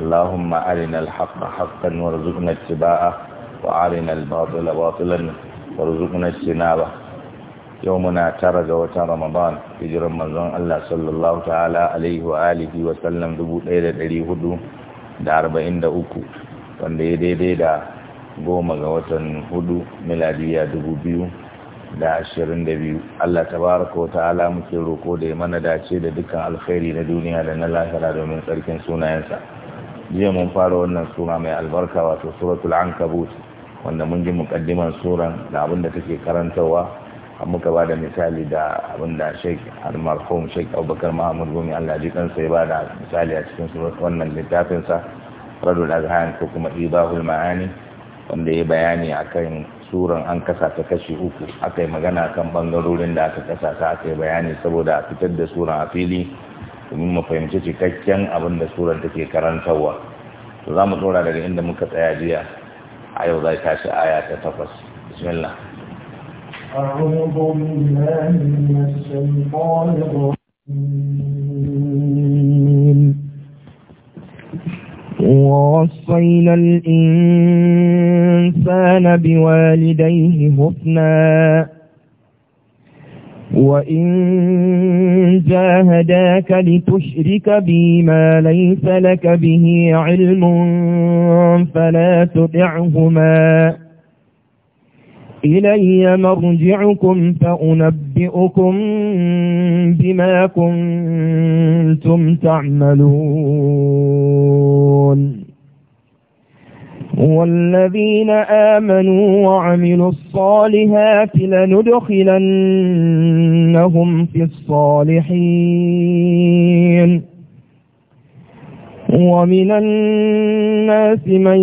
اللهم أرنا الحق حقا وارزقنا اتباعه وأرنا الباطل باطلا وارزقنا اجتنابه يومنا ترى وتر رمضان هجر رمضان الله صلى الله تعالى عليه وآله وسلم دبو ليلة لي هدو da arba'in da uku wanda daidai da goma ga watan hudu miladiya dubu biyu da ashirin da biyu Allah tabaraka wa ta'ala muke roko da ya mana dace da dukkan alkhairi na duniya da na lahira domin tsarkin sunayensa jiya mun fara wannan sura mai albarka wato suratul ankabut wanda mun ji mukaddiman suran da abin da take karantarwa muka ba da misali da abin da sheik almarhum sheik abubakar mahamud gumi allah ji kansa ya ba da misali a cikin wannan littafinsa radul azhan ko kuma ibahul ma'ani wanda ya bayani akan suran an kasa ta kashi uku aka yi magana kan bangarorin da aka kasa ta aka yi bayani saboda a fitar da suran a fili domin mu fahimci cikakken abin da surar take karantarwa to za mu tsora daga inda muka tsaya jiya a yau ta shi aya ta takwas bismillah أعوذ بالله من الشيطان الرجيم ووصينا الإنسان بوالديه حسناً وإن جاهداك لتشرك بي ما ليس لك به علم فلا تطعهما إلي مرجعكم فأنبئكم بما كنتم تعملون والذين آمنوا وعملوا الصالحات لندخلنهم في الصالحين ومن الناس من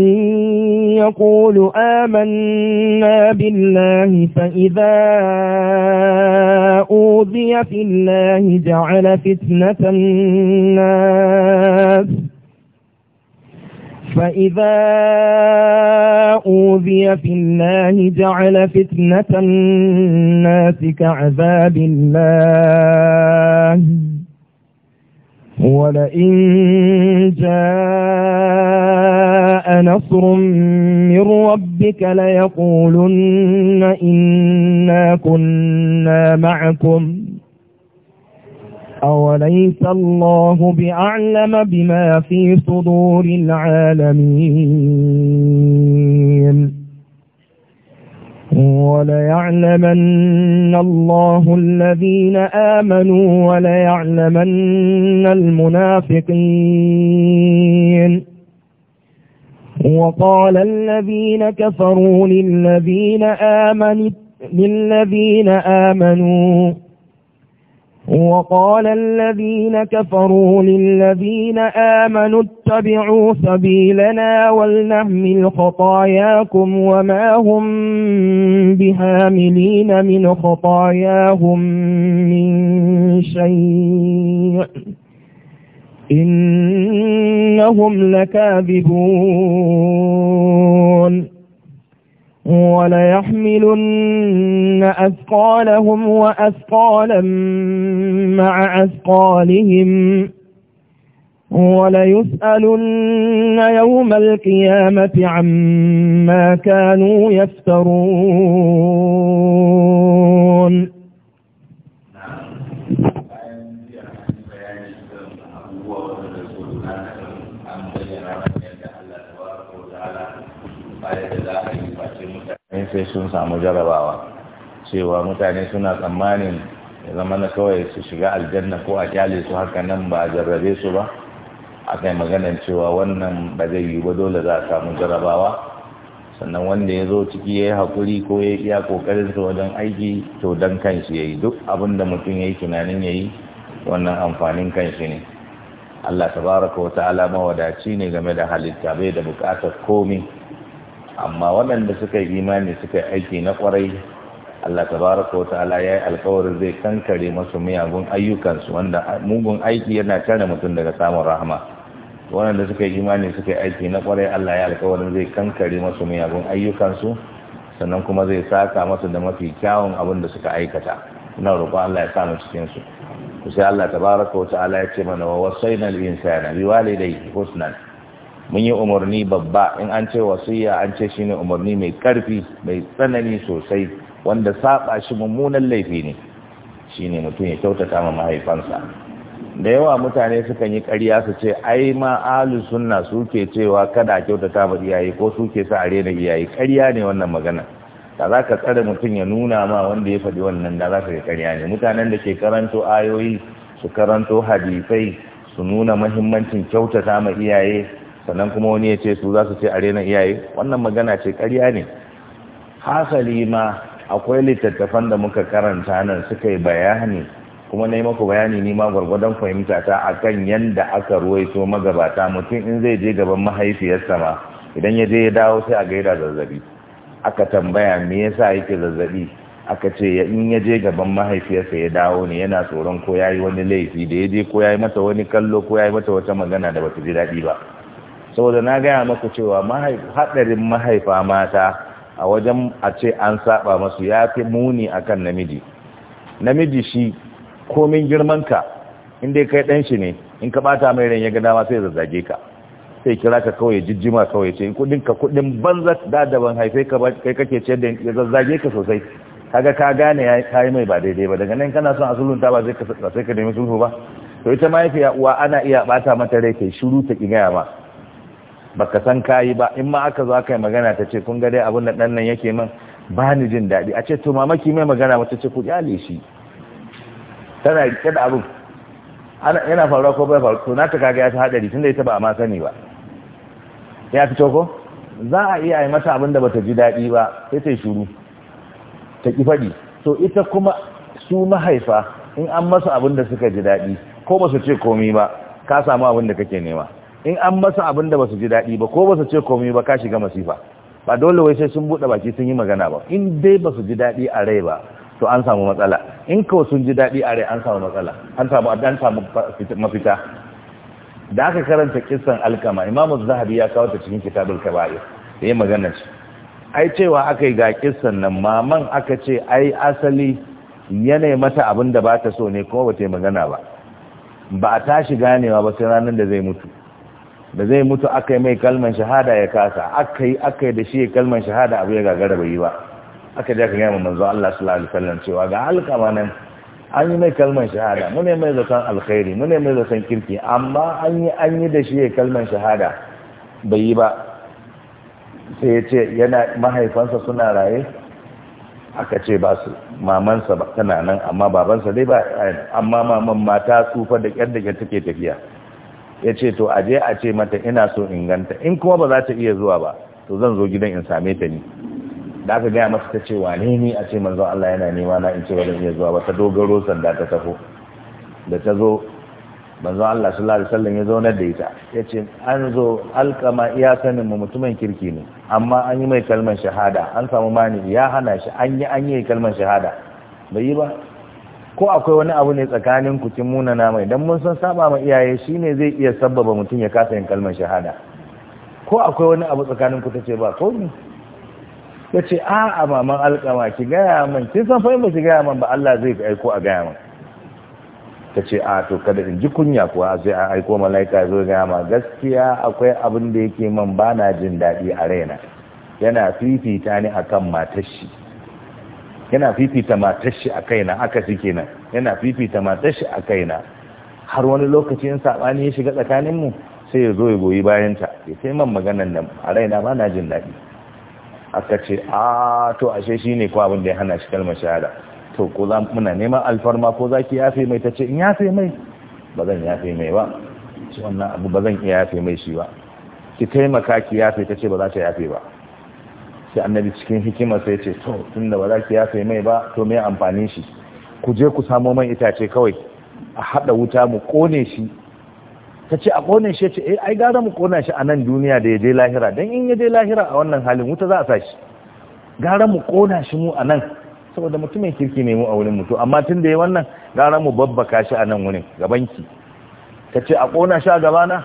يقول آمنا بالله فإذا أوذي في الله جعل فتنة الناس فإذا أوذي في الله جعل فتنة الناس كعذاب الله ولئن جاء نصر من ربك ليقولن إنا كنا معكم أوليس الله بأعلم بما في صدور العالمين وليعلمن الله الذين آمنوا وليعلمن المنافقين وقال الذين كفروا للذين آمنوا للذين آمنوا وقال الذين كفروا للذين آمنوا اتبعوا سبيلنا ولنهمل خطاياكم وما هم بهاملين من خطاياهم من شيء إنهم لكاذبون وليحملن أثقالهم وأثقالا مع أثقالهم وليسألن يوم القيامة عما كانوا يفترون sai sun samu jarabawa cewa mutane suna tsammanin ya zama na kawai su shiga aljanna ko a kyale su haka nan ba a jarrabe su ba aka yi maganar cewa wannan ba zai yi ba dole za a samu jarabawa sannan wanda ya zo ciki ya yi haƙuri ko ya iya sa wajen aiki to dan kanshi ya yi duk abin da mutum ya yi tunanin ya yi wannan amfanin kanshi ne allah tabaraka wa ta'ala mawadaci ne game da halitta bai da buƙatar komi amma waɗanda suka yi imani suka yi aiki na ƙwarai Allah tabaraka wa ta'ala yayi alƙawarin zai kankare masu miyagun ayyukansu wanda mugun aiki yana tare mutum daga samun rahama waɗanda suka yi imani suka yi aiki na ƙwarai Allah ya alƙawarin zai kankare masu miyagun ayyukansu sannan kuma zai saka masu da mafi kyawun abin da suka aikata ina roƙon Allah ya sa mu cikin su sai Allah tabaraka wa ta'ala ya ce mana wa wasaina al-insana biwalidayhi husnan mun yi umarni babba in an ce wasiya an ce shi ne umarni mai karfi mai tsanani sosai wanda saba shi mummunan laifi ne Shi ne mutum ya kyautata ma mahaifansa da yawa mutane sukan yi ƙarya su ce ai ma alu sunna suke cewa kada kyautata ma iyaye ko suke sa a rena iyaye ƙarya ne wannan magana da za ka tsare mutum ya nuna ma wanda ya faɗi wannan da za ka yi ƙarya ne mutanen da ke karanto ayoyi su karanto hadisai su nuna mahimmancin kyautata ma iyaye sannan kuma wani ya ce su za su ce a renon iyaye wannan magana ce karya ne hasali ma akwai littattafan da muka karanta nan suka yi bayani kuma na yi maku bayani ni ma gwargwadon fahimta ta a kan yadda aka ruwaito magabata mutum in zai je gaban mahaifiyarsa ma idan ya je ya dawo sai a gaida zazzabi aka tambaya me yasa yake zazzabi aka ce in ya je gaban mahaifiyarsa ya dawo ne yana tsoron ko ya yi wani laifi da ya je ko ya yi mata wani kallo ko ya yi mata wata magana da bata ji daɗi ba saboda na gaya maku cewa haɗarin mahaifa mata a wajen a ce an saba masu ya fi muni akan namiji namiji shi komin girmanka inda kai ɗan shi ne in ka bata mai ran ya ga dama sai zazzage ka sai kira ka kawai jijjima kawai ce kudin ka kudin banza da daban haife ka kai kake ce da ya zazzage ka sosai kaga ka gane ya yi mai ba daidai ba daga nan kana son asulun ta ba sai ka sai ka nemi sulhu ba to ita mahaifiya uwa ana iya bata mata rai kai shiru ta ki gaya ma baka san kayi ba in ma aka zo aka yi magana ta ce kun ga dai abin da dan nan yake min ba ni jin daɗi a ce to mamaki mai magana wata ce ku kyale shi tana rike da abin yana faruwa ko bai faruwa to na ta kaga ya ta hadari tunda ita ba a ma sani ba ya fito ko za a iya yi mata abin da bata ji daɗi ba sai ta yi shuru ta ki faɗi to ita kuma su mahaifa in an masa abin da suka ji daɗi ko ba su ce komai ba ka samu abin da kake nema in an masa abin da basu ji daɗi ba ko basu ce komai ba ka shiga masifa ba dole wai sai sun buɗe baki sun yi magana ba in dai basu ji daɗi a rai ba to an samu matsala in kawai sun ji daɗi a rai an samu matsala an samu an mafita da aka karanta kisan alkama imam zahabi ya kawo ta cikin kitabul kaba'ir da yin magana ce ai cewa aka yi ga kissan nan maman aka ce ai asali yanayi mata abin da ba ta so ne kuma ba ta yi magana ba ba a tashi ganewa ba sai ranar da zai mutu da zai mutu aka yi mai kalman shahada ya kasa aka yi aka yi da shi kalman shahada abu ya gagara bai yi ba aka ji aka gama manzo Allah sallallahu alaihi wasallam cewa ga alkama nan an yi mai kalman shahada mu ne mai zaton alkhairi mu ne mai zaton kirki amma an yi an yi da shi kalman shahada bai yi ba sai ya ce yana mahaifansa suna raye aka ce ba su mamansa tana nan amma babansa dai ba eh, amma maman mata tsufa da kyar da kyar take tafiya ya ce to a je a ce mata ina so in ganta in kuma ba za ta iya zuwa ba to zan zo gidan in same ta ni da aka gaya masa ta ce wane ne a ce manzo Allah yana nema na in ce ba iya zuwa ba ta dogaro sanda ta taho da ta zo manzo Allah sallallahu alaihi wasallam ya zauna da ita ya ce an zo alkama iya sanin mu mutumin kirki ne amma an yi mai kalmar shahada an samu mani ya hana shi an yi an yi kalmar shahada bai yi ba ko akwai wani abu ne tsakanin ku kin munana mai idan mun san saba ma iyaye shine zai iya sabbaba mutum ya kasa yin kalmar shahada ko akwai wani abu tsakanin ku tace ba ko ni tace a a maman alƙama ki gaya min kin san fa ba ki gaya min ba Allah zai aiko a gaya min tace a to kada in ji kunya kuwa sai a aiko malaika ga gaya ma gaskiya akwai abin da yake man bana jin dadi a raina yana fifita ni akan matar shi yana fifita matar a kaina aka shi kenan yana fifita matar a kaina har wani lokaci in sabani ya shiga tsakanin mu sai ya zo ya goyi bayan ta ya sai man maganan nan a raina ba na jin daɗi aka ce a to ashe shine ko abin da ya hana shi kalmar shahada to ko za muna neman alfarma ko za ki yafe mai ta ce in yafe mai ba zan yafe mai ba wannan abu ba zan iya yafe mai shi ba ki taimaka ki yafe ta ce ba za ta yafe ba sai annabi cikin hikima sai ce to tun da ba za ki yafe mai ba to mai amfani shi ku je ku samo man itace kawai a hada wuta mu kone shi ta ce a kone shi ce eh ai gara mu kona shi a nan duniya da ya je lahira dan in ya je lahira a wannan halin wuta za a sa shi gara mu kona shi mu a nan saboda mutumin kirki ne mu a wurin mutu amma tun da ya wannan gara mu babbaka shi a nan wurin gabanki ta ce a kona shi a gabana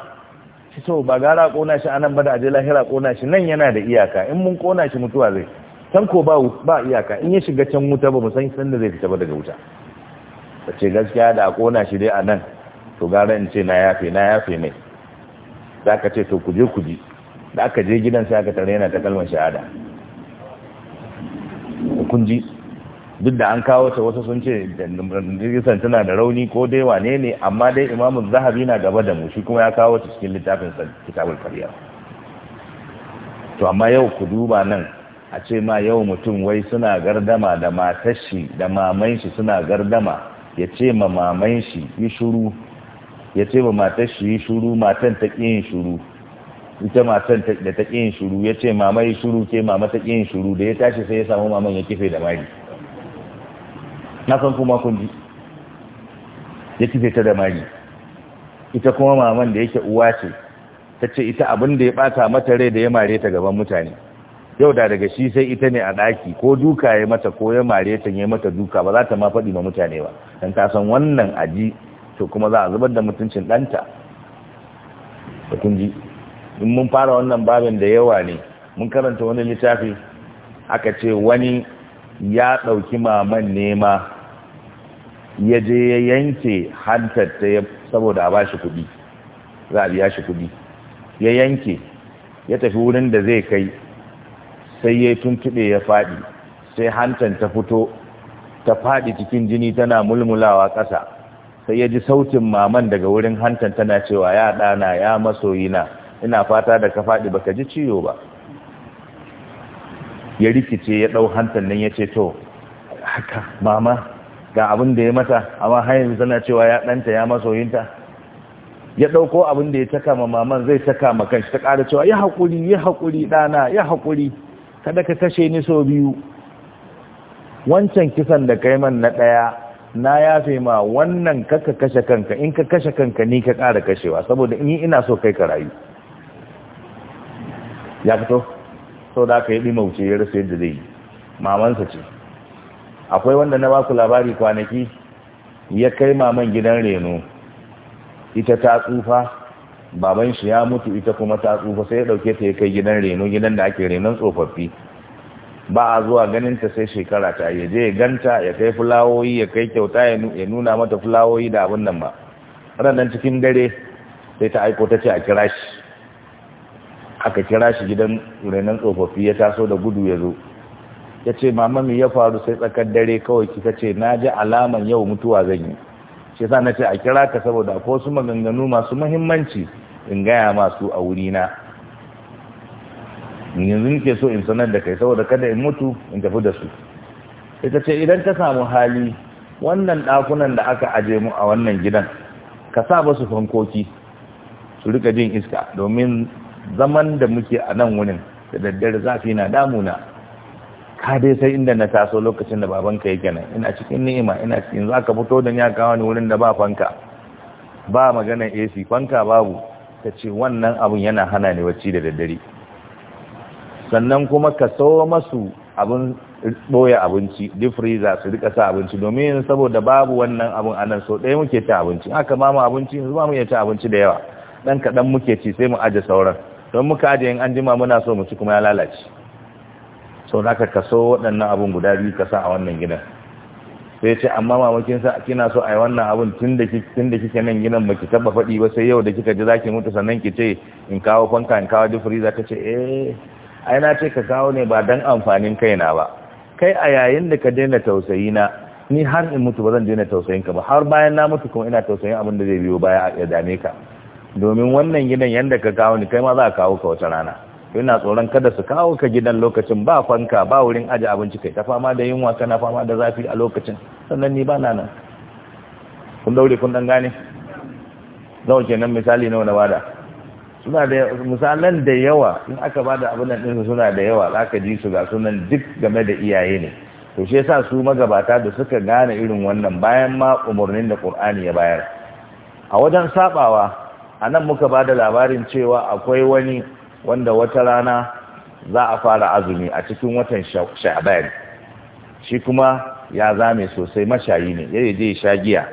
shi to ba gara kona shi anan ba da aje lahira kona shi nan yana da iyaka in mun kona shi mutuwa zai san ko ba ba iyaka in ya shiga can wuta ba mu san da zai fita ba daga wuta ce gaskiya da a kona shi dai anan to gara in ce na yafe na yafe ne za ka ce to ku je ku ji da aka je gidan sai aka tare yana ta kalmar shahada kun ji duk da an kawo ta wasu sun ce hadisan tana da rauni ko dai wane ne amma dai imamu zahabi na gaba da mu shi kuma ya kawo ta cikin littafin kitabul karya to amma yau ku duba nan a ce ma yau mutum wai suna gardama da matar shi da maman shi suna gardama ya ce ma maman shi yi shuru ya ce ma matar shi yi shuru matan ta ƙi yin shuru ita matan da ta ƙi yin shuru ya ce mama yi shuru ke mama ta ƙi yin shuru da ya tashi sai ya samu maman ya kife da mari na san kuma kun ji ya kife ta da mari ita kuma maman da yake uwa ce ta ce ita abin da ya bata mata rai da ya mare ta gaban mutane yau da daga shi sai ita ne a daki ko duka ya mata ko ya mare ta ya mata duka ba za ta ma faɗi ma mutane ba don ta san wannan aji to kuma za a zubar da mutuncin ɗanta da kun ji in mun fara wannan babin da yawa ne mun karanta wani littafi aka ce wani ya ɗauki maman nema ya je ya yanke hantarta ya saboda ba shi kuɗi za a biya shi kuɗi ya yanke ya tafi wurin da zai kai sai ya tuntuɓe ya faɗi sai hantar ta fito ta faɗi cikin jini tana mulmulawa ƙasa sai ya ji sautin maman daga wurin hantar tana cewa ya ɗana ya masoyina ina fata da ka faɗi baka ji ciwo ba ya rikice ya ɗau hantar nan ya ce to haka mama ga abin da ya mata amma hanyar zana cewa ya ɗanta ya masoyinta ya ɗauko abin da ya taka ma maman zai taka ma kanshi ta ƙara cewa ya haƙuri ya haƙuri ɗana ya haƙuri kada ka kashe ni sau biyu wancan kisan da kai man na ɗaya na yafe ma wannan kaka kashe kanka in ka kashe kanka ni ka ƙara kashewa saboda in yi ina so kai ka rayu ya fito sau da aka yi ɗimauce ya rasu yadda zai yi mamansa ce akwai wanda na baku labari kwanaki ya kai maman gidan reno ita ta tsufa baban shi ya mutu ita kuma ta tsufa sai ya dauke ta ya kai gidan reno gidan da ake renon tsofaffi ba a zuwa ganin ta sai shekara ta ya je ya ganta ya kai fulawoyi ya kai kyauta ya nuna mata fulawoyi da abin nan ba ranar cikin dare sai ta aiko ta ce a kira shi aka kira shi gidan renan tsofaffi ya taso da gudu ya zo ya ce "Mamami, ya faru sai tsakar dare kawai kika ce na ji alaman yau mutuwa zan yi shi sa na ce a kira ka saboda ko su maganganu masu mahimmanci in gaya masu a wurina yanzu nke so in sanar da kai saboda kada in mutu in tafi da su ita ce idan ka samu hali wannan ɗakunan da aka aje mu a wannan gidan ka sa ba su fankoki su rika jin iska domin zaman da muke a nan wurin da daddare zafi na damuna ka dai sai inda na taso lokacin da babanka yake nan ina cikin ni'ima ina cikin za ka fito da ya kawo ni wurin da ba fanka ba magana AC fanka babu ta ce wannan abun yana hana ni wacce da daddare sannan kuma ka sawo masu abin boye abinci deep freezer su rika sa abinci domin saboda babu wannan abin a nan so ɗaya muke ta abinci aka ba mu abinci yanzu ba mu iya ta abinci da yawa ɗan kaɗan muke ci sai mu aje sauran don muka ajiye in an jima muna so mu ci kuma ya lalace sau da ka kaso waɗannan abin guda biyu ka sa a wannan gidan sai ce amma mamakin sa kina so a yi wannan abin tun da kike nan ba baki taba faɗi ba sai yau da kika ji za ki mutu sannan ki ce in kawo fanka in kawo dufuri za ka ce eh ai na ce ka kawo ne ba dan amfanin na ba kai a yayin da ka daina tausayi na ni har in mutu ba zan daina tausayin ka ba har bayan na mutu kuma ina tausayin abin da zai biyo baya a ya dame ka domin wannan gidan yadda ka kawo ni kai ma za a kawo ka wata rana ina tsoron kada su kawo ka gidan lokacin ba fanka ba wurin aji abinci kai ta fama da yunwa kana fama da zafi a lokacin sannan ni ba na nan kun daure kun dan gane zau nan misali nawa na bada suna da misalan da yawa in aka bada abin nan din suna da yawa za ka ji su ga sunan duk game da iyaye ne to shi yasa su magabata da suka gane irin wannan bayan ma umurnin da Qur'ani ya bayar a wajen sabawa a nan muka ba da labarin cewa akwai wani wanda wata rana za a fara azumi a cikin watan Sha'aban. shi kuma ya zame sosai mashayi ne ya je sha giya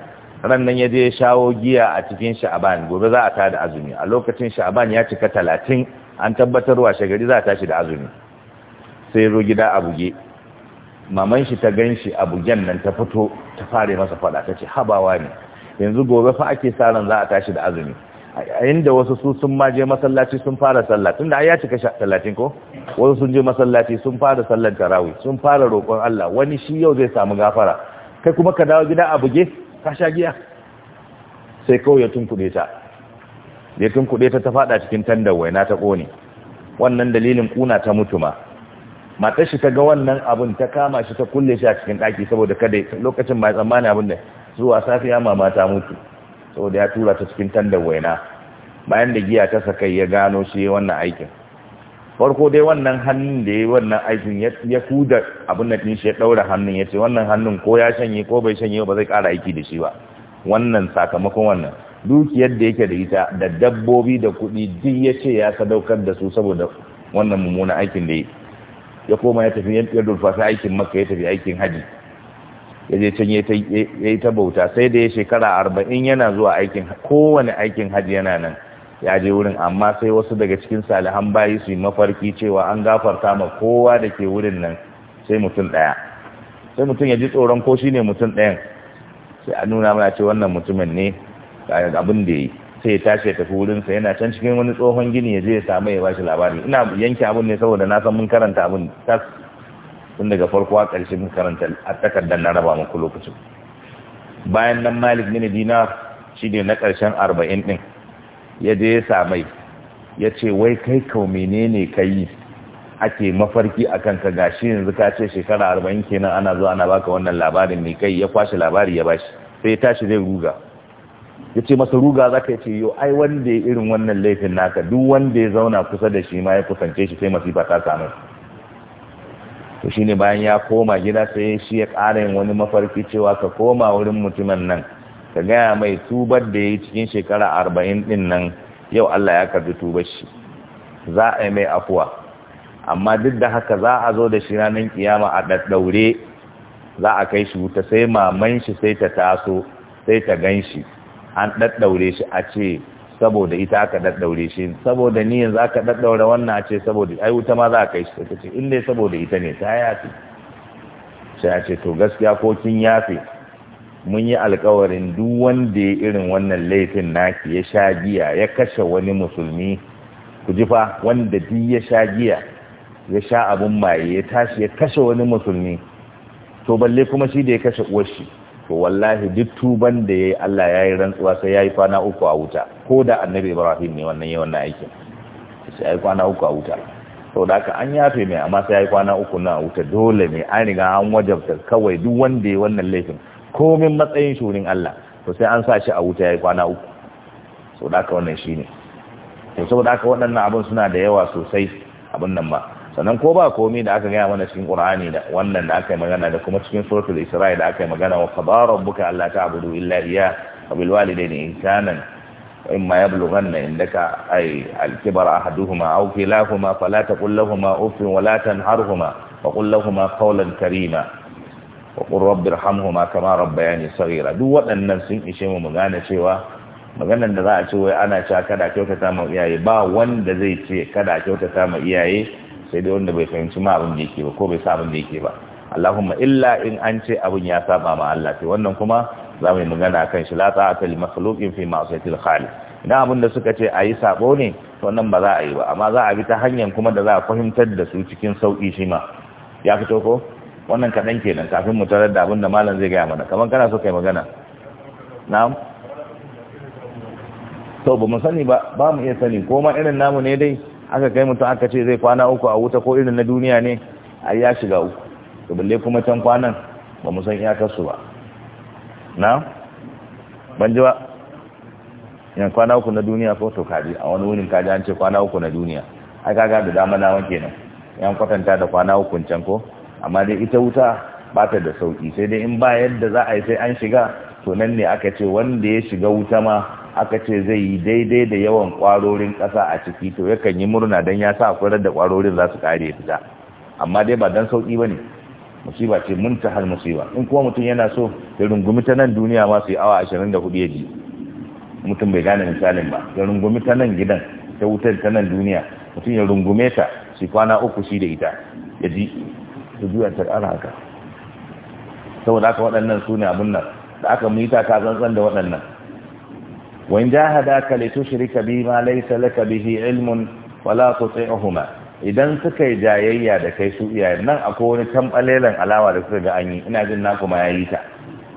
ran nan ya je shawo giya a cikin Sha'aban gobe za a da azumi a lokacin Sha'aban ya cika talatin an tabbatarwa shagari za a tashi da azumi sai zo gida a buge maman shi ta gan shi a bugen nan ta fito ta fare masa fada ta ce habawa ne yanzu gobe fa ake sa ran za a tashi da azumi a inda wasu su sun ma je masallaci sun fara sallah tunda ai ya cika talatin ko wasu sun je masallaci sun fara sallar tarawih sun fara roƙon Allah wani shi yau zai samu gafara kai kuma ka dawo gida a buge ka sha giya sai kawai ya tunkuɗe ta ya tunkuɗe ta ta faɗa cikin tandar waina ta ƙone wannan dalilin kuna ta mutu ma matar shi ta ga wannan abun ta kama shi ta kulle shi a cikin ɗaki saboda kada lokacin mai tsammani abin da zuwa safiya mama ta mutu saboda ya tura ta cikin tandan waina bayan da giya ta sakai ya gano shi wannan aikin farko dai wannan hannun da ya yi wannan aikin ya kuda abin da shi ya ɗaura hannun ya ce wannan hannun ko ya shanye ko bai shanye ba zai kara aiki da shi ba wannan sakamakon wannan dukiyar da yake da ita da dabbobi da kuɗi duk ya ce ya sadaukar da su saboda wannan mummunan aikin da ya koma ya tafi ya durfasa aikin maka ya tafi aikin haji ya je can ya yi ta bauta sai da ya shekara arba'in yana zuwa aikin kowane aikin hajji yana nan ya je wurin amma sai wasu daga cikin salihan bayi su yi mafarki cewa an gafarta ma kowa da ke wurin nan sai mutum ɗaya sai mutum ya ji tsoron ko shi ne mutum ɗayan sai a nuna mana ce wannan mutumin ne abin da ya yi sai ya tashi ya tafi wurinsa yana can cikin wani tsohon gini ya je ya samu ya bashi labari ina yanke abin ne saboda na san mun karanta abin tas tun daga farko a ƙarshe karanta a takardar na raba muku lokacin bayan nan malik bin dinar ne na ƙarshen arba'in ɗin ya je ya samai ya ce wai kai kau menene ka yi ake mafarki a kanka gashi yanzu ka ce shekara arba'in kenan ana zuwa ana baka wannan labarin mai kai ya kwashe labari ya bashi sai ya tashi zai ruga ya ce masa ruga za ka ce yo ai wanda ya irin wannan laifin naka duk wanda ya zauna kusa da shi ma ya kusance shi sai masifa ta samu to shine bayan ya koma gida sai shi ya ƙara yin wani mafarki cewa ka koma wurin mutumin nan ka gaya mai tubar da ya yi cikin shekara arba'in din nan yau Allah ya karbi tubar shi za a yi mai afuwa amma duk da haka za a zo da shi ranar kiyama a ɗaɗɗaure za a kai shi wuta sai maman shi sai ta taso sai ta gan shi an ɗaɗɗaure shi a ce saboda ita aka daddaure shi saboda ni yanzu aka daddaure wannan a ce saboda ai wuta ma za a kai shi ta ce in dai saboda ita ne ta yafe. sai a ce to gaskiya ko kin yafe mun yi alkawarin duk wanda ya irin wannan laifin naki ya sha giya ya kashe wani musulmi ku ji fa wanda duk ya sha giya ya sha abun maye ya tashi ya kashe wani musulmi to balle kuma shi da ya kashe uwar shi to wallahi duk tuban da yayi Allah yayi rantsuwa sai yayi kwana uku a wuta ko da annabi Ibrahim ne wannan yayi wannan aikin sai yayi kwana uku a wuta to da ka an yafe mai amma sai yayi kwana uku na wuta dole ne an riga an wajabta kawai duk wanda yayi wannan laifin komin matsayin shurin Allah to sai an sa shi a wuta yayi kwana uku to da haka wannan shine to saboda haka waɗannan abun suna da yawa sosai abun nan ba sannan ko ba komai da aka gaya mana cikin qur'ani da wannan da aka yi magana da kuma cikin suratul isra'i da aka yi magana wa qadara rabbuka alla ta'budu illa iya wa bil walidayni ihsanan wa imma yablughanna indaka ay al kibara ahaduhuma aw kilahuma fala taqul lahumā uff wa la tanharhumā wa qul lahumā qawlan karīmā wa qur rabbi irhamhumā kamā rabbayānī saghīrā duk waɗannan sun ishe mu magana cewa maganan da za a ce wai ana cewa kada kyautata ma iyaye ba wanda zai ce kada kyautata ma iyaye sai dai wanda bai fahimci ma abin da yake ba ko bai sa abin da yake ba Allahumma illa in an ce abin ya saba ma Allah sai wannan kuma za mu yi magana kan shi la ta'ata li makhluqin fi ma'siyatil khaliq idan abin da suka ce ayi sabo ne to nan ba za a yi ba amma za a bi ta hanyar kuma da za a fahimtar da su cikin sauki shi ma ya fito ko wannan kaɗan kenan kafin mu tarar da abin da malam zai gaya mana kamar kana so kai magana na'am to ba mu sani ba ba mu iya sani ko ma irin namu ne dai aka kai mutum aka ce zai kwana uku a wuta ko irin na duniya ne a ya shiga uku to balle kuma can kwanan ba mu san iyakarsu ba na ban ji ba yan kwana uku na duniya ko to kaji a wani wurin kaji an ce kwana uku na duniya ai kaga da dama na wanke nan yan kwatanta da kwana uku can ko amma dai ita wuta ba ta da sauki sai dai in ba yadda za a yi sai an shiga to nan ne aka ce wanda ya shiga wuta ma aka ce zai yi daidai da yawan kwarorin ƙasa a ciki to yakan yi murna don ya sa akwai da kwarorin za su kare fita amma dai ba don sauƙi ba ne musiba ce mun ta musiba in kuma mutum yana so ya rungumi ta nan duniya ma su yi awa ashirin da hudu ya ji mutum bai gane misalin ba ya rungumi ta nan gidan ta wutar ta nan duniya mutum ya rungume ta shi kwana uku shi da ita ya ji su juya ta ƙara haka saboda aka waɗannan su ne abin nan da aka mita ta da waɗannan وإن جاهداك لتشرك بما ليس لك به علم ولا تطيعهما idan suka yi jayayya da kai su iyaye, nan akwai wani tambalelen alawa da suka ga an yi ina jin kuma ya yayi ta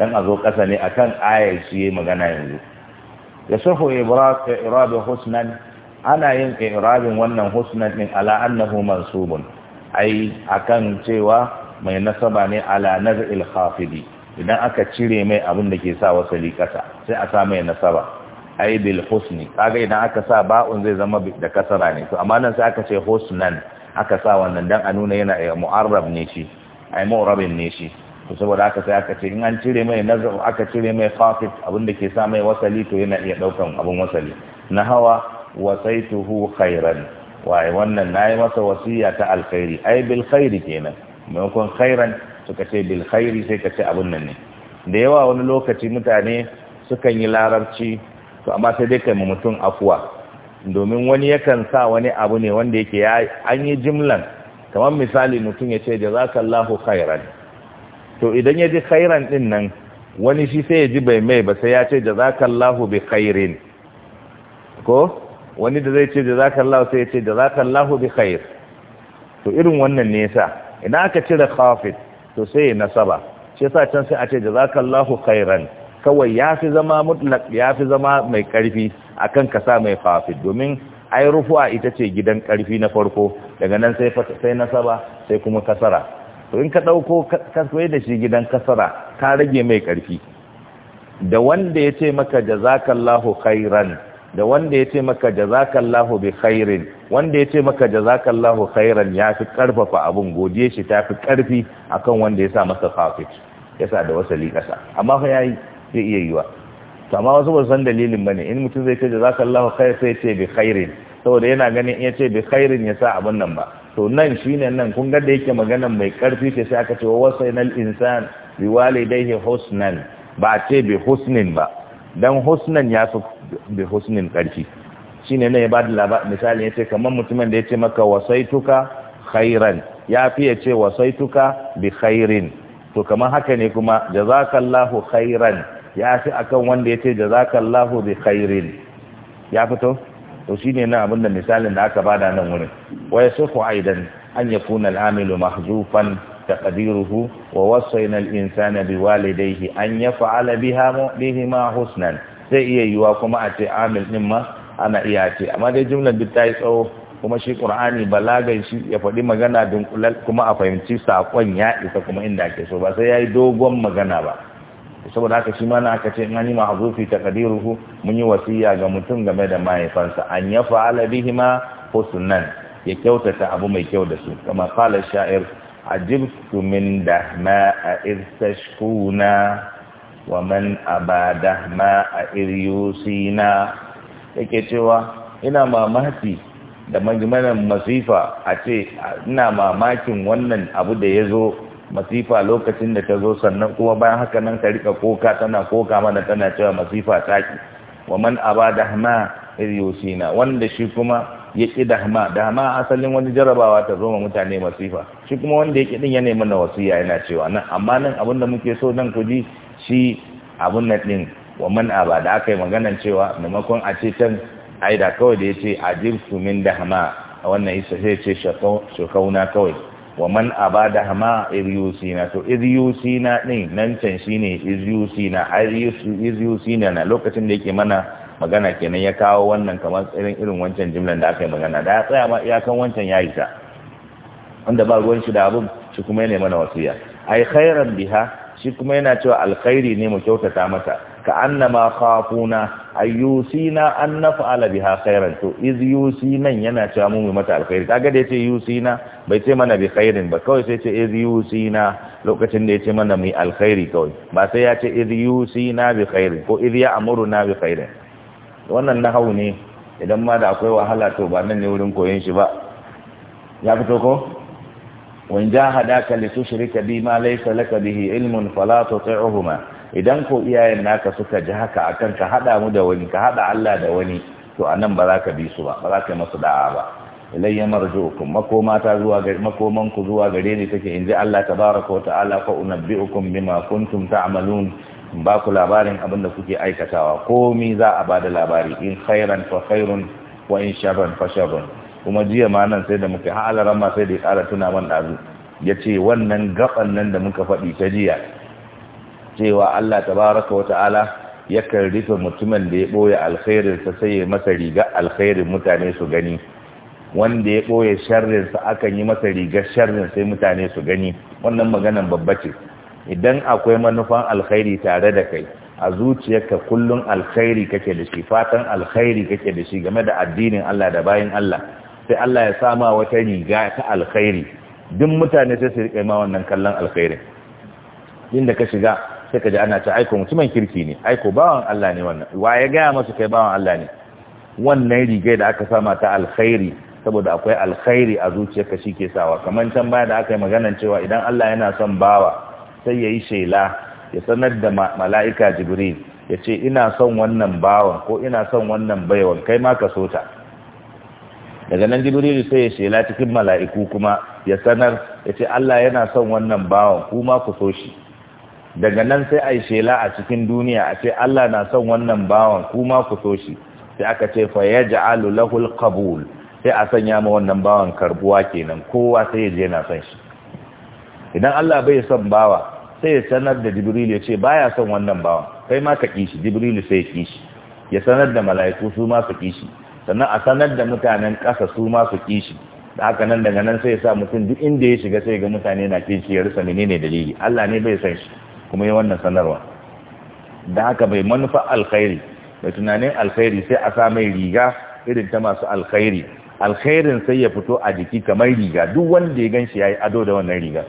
dan a zo kasa ne akan ayar shi yi magana yanzu ya sahu Ibrahim husnan ana yin irabin wannan husnan din ala annahu mansubun ai akan cewa mai nasaba ne ala naz'il khafidi idan aka cire mai abin da ke sa wasali kasa sai a sa mai nasaba ai bil husni kaga idan aka sa ba'un zai zama da kasara ne to amma nan sai aka ce husnan aka sa wannan dan a nuna yana eh, mu'arrab ne shi ai mu'rabin ne shi to saboda aka sai aka ce in an cire mai nazar aka cire mai fasit abin da ke sa mai wasali to yana iya daukan abin wasali na hawa wasaituhu khairan wai wannan nayi masa wasiya ta alkhairi ai bil khairi kenan maimakon khairan suka ce bil khairi sai ka ce abin nan ne da yawa wani lokaci mutane sukan yi larabci to amma sai dai kai mu mutum afuwa domin wani yakan sa wani abu ne wanda yake ya an yi jimlan kamar misali mutum ya ce jazakallahu khairan to idan ya ji khairan din nan wani shi sai ya ji bai mai ba sai ya ce jazakallahu bi khairin ko wani da zai ce jazakallahu sai ya ce jazakallahu bi khair to irin wannan ne yasa idan aka cire khafid to sai ya nasaba shi yasa can sai a ce jazakallahu khairan kawai ya fi zama mutlak ya fi zama mai karfi akan ka sa mai fafi domin ai rufuwa ita ce gidan karfi na farko daga nan sai sai nasaba sai kuma kasara to in ka dauko kasai da shi gidan kasara ka rage mai karfi da wanda yace maka jazakallahu khairan da wanda yace maka jazakallahu bi khairin wanda yace maka jazakallahu khairan ya fi karfafa abun godiye shi ta fi karfi akan wanda ya sa masa fafi yasa da wasali kasa amma fa yayi zai iya yiwa to amma wasu ba san dalilin bane in mutum zai ce Allah khair sai ce bi khairin saboda yana ganin in ya ce bi khairin ya sa abin nan ba to nan shine nan kun ga da yake magana mai karfi ce sai aka ce wa wasainal insan bi walidayhi husnan ba ce bi husnin ba dan husnan ya fi bi husnin karfi shine ne ya ba da misali yace kamar mutumin da ya ce maka wasaituka khairan ya fi ya ce wasaituka bi khairin to kamar haka ne kuma jazakallahu khairan ya fi akan wanda ya ce da jazakallahu bi khairin ya fito to shine na abinda misalin da aka bada nan wurin wa yasufu aidan an yakuna al-amilu mahzufan taqdiruhu wa wasayna al-insana biwalidayhi an yaf'ala biha bihima husnan zai iya yiwa kuma a ce amil din ma ana iya ce amma dai jumlar duk ta yi tsawo kuma shi qur'ani balagan shi ya faɗi magana dunkulal kuma a fahimci sakon ya isa kuma inda ake so ba sai ya yi dogon magana ba saboda haka shi ma na aka ce ma yi mahzufi taqdiruhu mun yi wasiya ga mutum game da mahaifansa an ya fa'ala ma husnan ya kyautata abu mai kyau da su kama kala sha'ir ajibtu min dahma irtashkuna wa man abada ma iryusina yake cewa ina mamaki da majimanan masifa a ce ina mamakin wannan abu da ya zo masifa lokacin da ta zo sannan kuma bayan haka nan ta rika koka tana koka mana tana cewa masifa taki wa man aba dahma iz yusina wanda shi kuma ya ki dahma dahma asalin wani jarabawa ta zo ma mutane masifa shi kuma wanda ya ki din ya mana na wasiya yana cewa nan amma nan abin da muke so nan ku ji shi abun nan din wa man aba da aka yi maganan cewa maimakon a ce can ai da kawai da ya ce min dahma a wannan isa sai ce shakauna kawai wa man abada hama iryusina to iryusina din nan can shine iryusina iryusina na lokacin da yake mana magana kenan ya kawo wannan kamar irin irin wancan jimlan da aka yi magana da ya tsaya ma iyakan wancan ya isa wanda ba ruwan shi da abun shi kuma yana mana wasiya ai khairan biha shi kuma yana cewa alkhairi ne mu kyautata masa ka annama khafuna na an naf'ala biha khairan to iz yusina yana cewa mu mu mata alkhairi kaga da yace yusina bai ce mana bi khairin ba kawai sai ce iz yusina lokacin da yace mana mu alkhairi kawai ba sai ya ce iz yusina bi khairin ko iz ya'muruna bi khairin wannan nahawu ne idan ma da akwai wahala to ba nan ne wurin koyon shi ba ya fito ko وإن جاهداك لتشرك بما laysa laka bihi ilmun fala تطعهما idan ko iyayen naka suka ji haka akan ka hada mu da wani ka hada Allah da wani to anan ba za ka bi su ba ba za ka yi masu da'a ba ilayya marjuukum makoma ta zuwa ga makoman ku zuwa gare ni take inji Allah tabaaraka wa ta'ala fa unabbi'ukum bima kuntum ta'malun ba ku labarin abinda kuke aikatawa komi za a bada labari in khairan fa khairun wa in sharran fa sharrun kuma jiya ma nan sai da muke halaran ma sai da ya kara tuna man dazu yace wannan gaban nan da muka faɗi ta jiya cewa Allah tabaraka wa ta'ala yakan rufe mutumin da ya ɓoye alkhairinsa sai ya masa riga alkhairin mutane su gani wanda ya ɓoye sharrinsa akan yi masa rigar sharrin sai mutane su gani wannan maganan babba ce idan akwai manufan alkhairi tare da kai a zuciyarka kullum alkhairi kake da shi fatan alkhairi kake da shi game da addinin Allah da bayan Allah sai Allah ya sama wata riga ta alkhairi duk mutane sai su riƙe ma wannan kallon alkhairin inda ka shiga sai ka ji ana ta aiko mutumin kirki ne aiko bawan Allah ne wannan wa ya gaya masa kai bawan Allah ne wannan rigai da aka sama ta alkhairi saboda akwai alkhairi a zuciyarka shi ke sawa kamar can baya da aka yi maganan cewa idan Allah yana son bawa sai ya yi shela ya sanar da mala'ika jibril ya ce ina son wannan bawan ko ina son wannan baiwan kai ma ka so ta daga nan jibril sai ya shela cikin mala'iku kuma ya sanar ya ce Allah yana son wannan bawan kuma ku so shi daga nan sai a yi shela a cikin duniya a ce Allah na son wannan bawan kuma ku so shi sai aka ce fa ya ja'alu lahul qabul sai a sanya ma wannan bawan karbuwa kenan kowa sai ya je na son shi idan Allah bai son bawa sai ya sanar da Jibril ya ce baya son wannan bawan kai ma ka kishi Jibril sai ya kishi ya sanar da mala'iku su ma su kishi sannan a sanar da mutanen ƙasa su ma su kishi da haka nan daga nan sai ya sa mutum duk inda ya shiga sai ga mutane na kin shi ya rusa menene dalili Allah ne bai san shi kuma yi wannan sanarwa da haka bai manufa alkhairi mai tunanin alkhairi sai a sa mai riga irin ta masu alkhairi alkhairin sai ya fito a jiki kamar riga duk wanda ya gan shi ya yi ado da wannan riga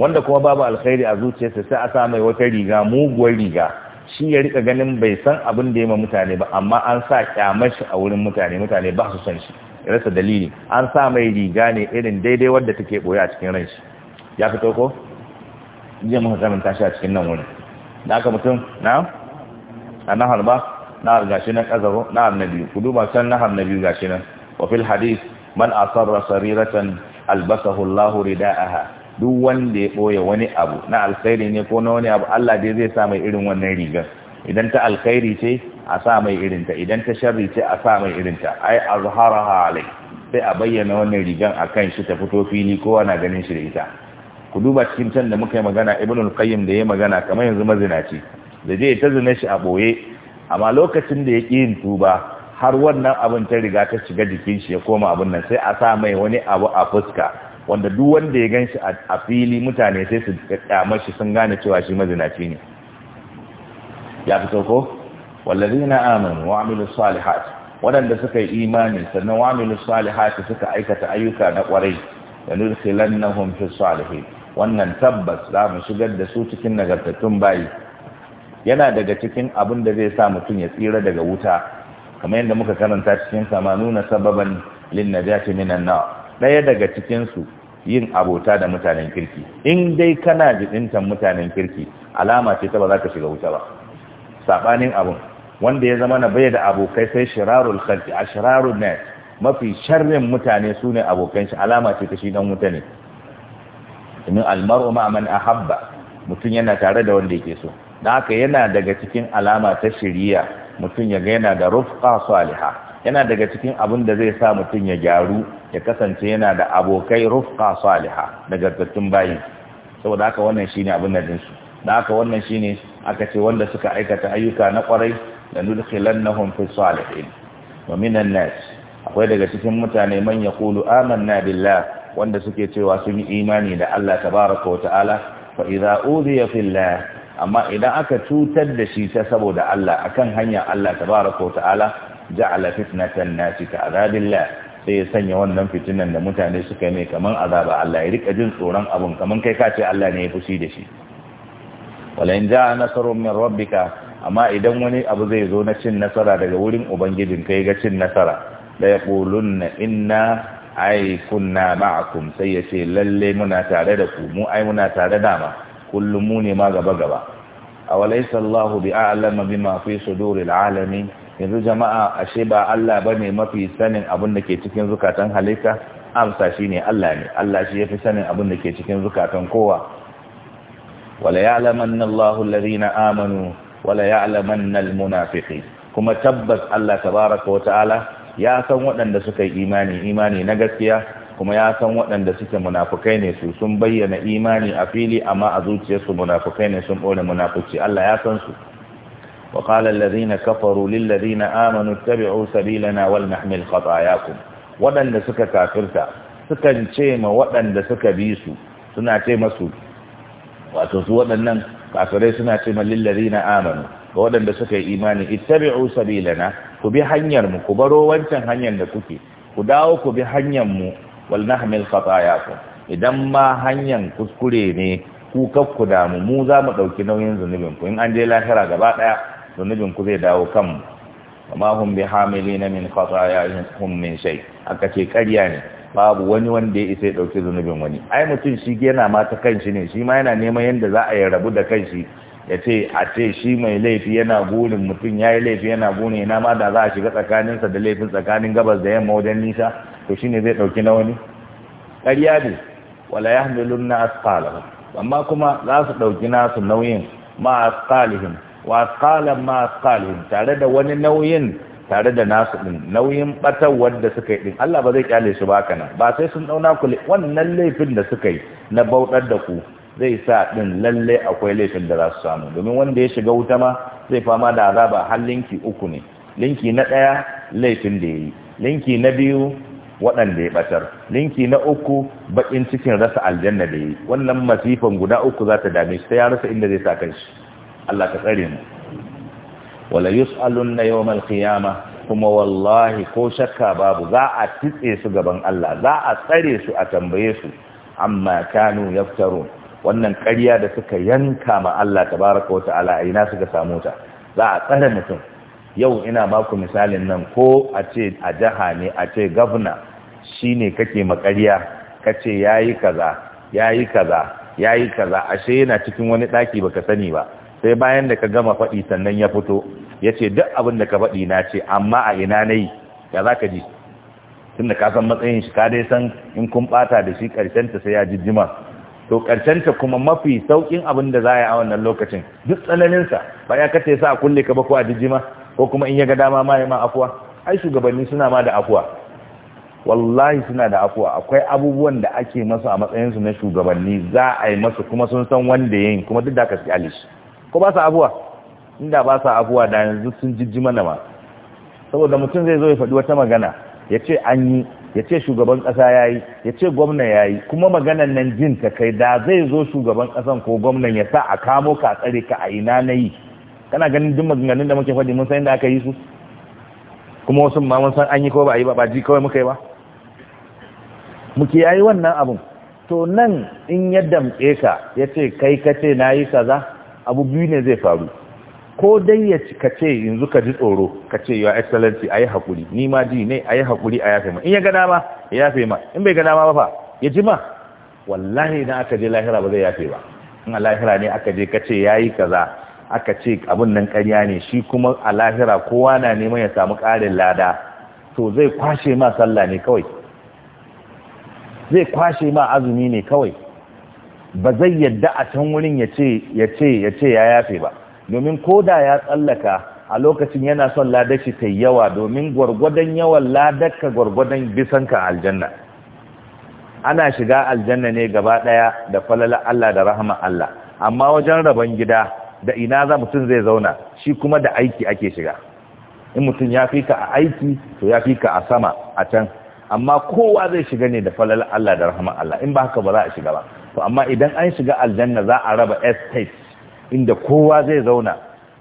wanda kuma babu alkhairi a zuciyarsa sai a sa mai wata riga muguwar riga shi ya rika ganin bai san abin da ya ma mutane ba amma an sa kyamar a wurin mutane mutane ba su san shi rasa dalili an sa mai riga ne irin daidai wadda take boye a cikin ran shi ya fito ko jiya muka karanta shi a cikin nan wurin da aka mutum na a nahar ba nahar gashi na kazaro nahar na biyu ku duba can nahar na biyu gashi nan wa fil hadith man asarra sariratan albasahu Allahu rida'aha duk wanda ya boye wani abu na alkhairi ne ko na wani abu Allah dai zai sa mai irin wannan riga idan ta alkhairi ce a sa mai irin ta idan ta sharri ce a sa mai irin ta ai azharaha alai sai a bayyana wannan rigan akan shi ta fito fili kowa na ganin shi da ita ku duba cikin can da muka yi magana ibnul qayyim da yayi magana kamar yanzu mazinaci da je ta zina shi a boye amma lokacin da ya ki yin tuba har wannan abin ta riga ta shiga jikin shi ya koma abin nan sai a sa mai wani abu a fuska wanda duk wanda ya ganshi a fili mutane sai su kyamar shi sun gane cewa shi mazinaci ne ya fito ko wallazina amanu wa amilus salihat wadanda suka yi imani sannan wa amilus salihat suka aikata ayyuka na kwarai da lannahum fi salihin wannan tabbas za mu shigar da su cikin nagartattun bayi yana daga cikin abin da zai sa mutum ya tsira daga wuta kamar yadda muka karanta cikin nuna sababan lin najati minan na daya daga cikinsu yin abota da mutanen kirki in dai kana jidintan mutanen kirki alama ce ta ba za ka shiga wuta ba sabanin abun wanda ya zama na bai da abokai sai shirarul khalqi ashrarun nas mafi sharrin mutane sune abokan shi alama ce ta shi dan wuta ne domin almaru ma man ahabba mutum yana tare da wanda yake so da haka yana daga cikin alama ta shiriya mutum ya yana da rufqa saliha yana daga cikin abin da zai sa mutum ya gyaru ya kasance yana da abokai rufqa saliha daga gattun bayi saboda haka wannan shine abin da dinsu da haka wannan shine aka ce wanda suka aikata ayyuka na kwarai da nudkhilannahum fi salihin wa minan nas akwai daga cikin mutane man yaqulu amanna billah wanda suke cewa sun yi imani da Allah tabaraka wa ta'ala fa idza udhiya fillah amma idan aka cutar da shi ta saboda Allah akan hanya Allah tabaraka wa ta'ala ja'ala fitnatan nasi ka azabillah sai ya sanya wannan fitinan da mutane suka mai kaman azaba Allah ya rika jin tsoron abun kaman kai ka ce Allah ne ya fushi da shi wala in ja'a nasrun min rabbika amma idan wani abu zai zo na cin nasara daga wurin ubangijin kai ga cin nasara la yaqulunna inna ai kunna ma'akum sai ya ce lalle muna tare da ku mu ai muna tare da ma kullum mu ne ma gaba gaba awalaysa Allahu bi'alama bima fi suduril alami yanzu jama'a ashe ba Allah bane mafi sanin abin da ke cikin zukatan halitta amsa shine Allah ne Allah shi yafi sanin abin da ke cikin zukatan kowa wala ya'lamanna Allahu alladhina amanu wala ya'lamanna almunafiqin kuma tabbas Allah tabaaraka wa ta'ala ya san waɗanda suka yi imani imani na gaskiya kuma ya san waɗanda suke munafukai ne su sun bayyana imani a fili amma a zuciyarsu munafukai ne sun ɓone munafuci Allah ya san su wa qala allazina kafaru lil ladina amanu ittabi'u sabilana wal nahmil khatayakum waɗanda suka kafirta sukan ce ma waɗanda suka bi su suna ce masu wato su waɗannan kafirai suna ce ma lil ladina amanu ga waɗanda suka yi imani ittabi'u sabilana ku bi hanyar mu ku baro wancan hanyar da kuke ku dawo ku bi hanyar mu wal nahmil khatayakum idan ma hanyar kuskure ne ku kakku damu mu za mu ɗauki nauyin zunubin ku in an je lahira gaba ɗaya zunubin ku zai dawo kanmu amma hum bi na min hum min shay aka ce ƙarya ne babu wani wanda ya isa ya ɗauki zunubin wani ai mutum shi yana ma ta kanshi ne shi ma yana neman yadda za a yi rabu da kanshi ya ce a ce shi mai laifi yana burin mutum ya yi laifi yana burin yana ma da za a shiga tsakaninsa da laifin tsakanin gabas da yamma wajen nisa to shine zai ɗauki na wani ƙarya ne wala ya hamilun na asfalahu amma kuma za su ɗauki nasu nauyin ma asfalihin wa ma asfalihin tare da wani nauyin tare da nasu ɗin nauyin ɓatarwar da suka yi ɗin Allah ba zai kyale su ba kana ba sai sun ɗauna ku wannan laifin da suka yi na bautar da ku zai sa ɗin lalle akwai laifin da za su samu domin wanda ya shiga wuta ma zai fama da azaba har linki uku ne linki na ɗaya laifin da ya yi linki na biyu waɗanda ya ɓatar linki na uku baƙin cikin rasa aljanna da ya yi wannan masifan guda uku za ta dame shi ta ya rasa inda zai sa shi. Allah ka tsare mu wala yus'alunna yawmal kiyama. kuma wallahi ko shakka babu za a titse su gaban Allah za a tsare su a tambaye su amma kanu yaftarun wannan ƙarya da suka yanka ma Allah tabaraka wa ta'ala ina suka samu ta za a tsare mutum yau ina baku misalin nan ko a ce a jiha ne a ce gavna ne kake makariya kace yayi kaza yayi kaza yayi kaza ashe yana cikin wani daki baka sani ba sai bayan da ka gama faɗi sannan ya fito Ya ce duk abin da ka faɗi na ce amma a ina na yi? ya za ka ji tunda ka san matsayin shi ka dai san in kun ɓata da shi karshen ta sai ya jijjima to ta kuma mafi saukin abin da za a yi a wannan lokacin duk tsananinsa ba ya kace sa a kulle ka ba ko a jijima ko kuma in ya ga dama ma ya ma afuwa ai shugabanni suna ma da afuwa wallahi suna da afuwa akwai abubuwan da ake masu a matsayinsu na shugabanni za a yi masu kuma sun san wanda yayin kuma duk da ka tsali shi ko ba sa afuwa inda ba sa afuwa da yanzu sun jijima na ma saboda mutum zai zo ya faɗi wata magana ya ce an yi ya ce shugaban kasa ya yi ya ce gwamna ya yi kuma maganan nan jin ta kai da zai zo shugaban kasan ko gwamnan ya sa a kamo ka tsare ka a ina na yi kana ganin duk maganganun da muke faɗi mun san inda aka yi su kuma wasu ma mun san an yi ko ba a yi ba ba ji kawai muka yi ba muke yayi wannan abun to nan in ya damƙe ka ya ce kai ka ce na yi kaza abu biyu ne zai faru ko dai ya ka ce yanzu ka ji tsoro ka ce yawa excellency yi hakuri ni ma ji ne a yi hakuri a yafe ma in ya ga dama ya yafe ma in bai ga dama ba fa ya ji ma wallahi idan aka je lahira ba zai yafe ba in a lahira ne aka je ka ce ya yayi kaza aka ce abin nan karya ne shi kuma a lahira kowa na neman ya samu ƙarin lada to zai kwashe ma sallah ne kawai zai kwashe ma azumi ne kawai ba zai yadda a can wurin ya ce ya ce ya ce ya yafe ba domin ko da ya tsallaka a lokacin yana son ladashi ta yawa domin gwargwadon yawan ladaka gwargwadon ka aljanna ana shiga aljanna ne gaba daya da falala Allah da rahama Allah amma wajen rabon gida da ina za mutum zai zauna shi kuma da aiki ake shiga in mutum ya fi ka a aiki to ya fi ka a sama a can amma kowa zai shiga ne da falala Allah da rahama Allah in ba haka ba za a shiga ba to amma idan an shiga aljanna za a raba estate inda kowa zai zauna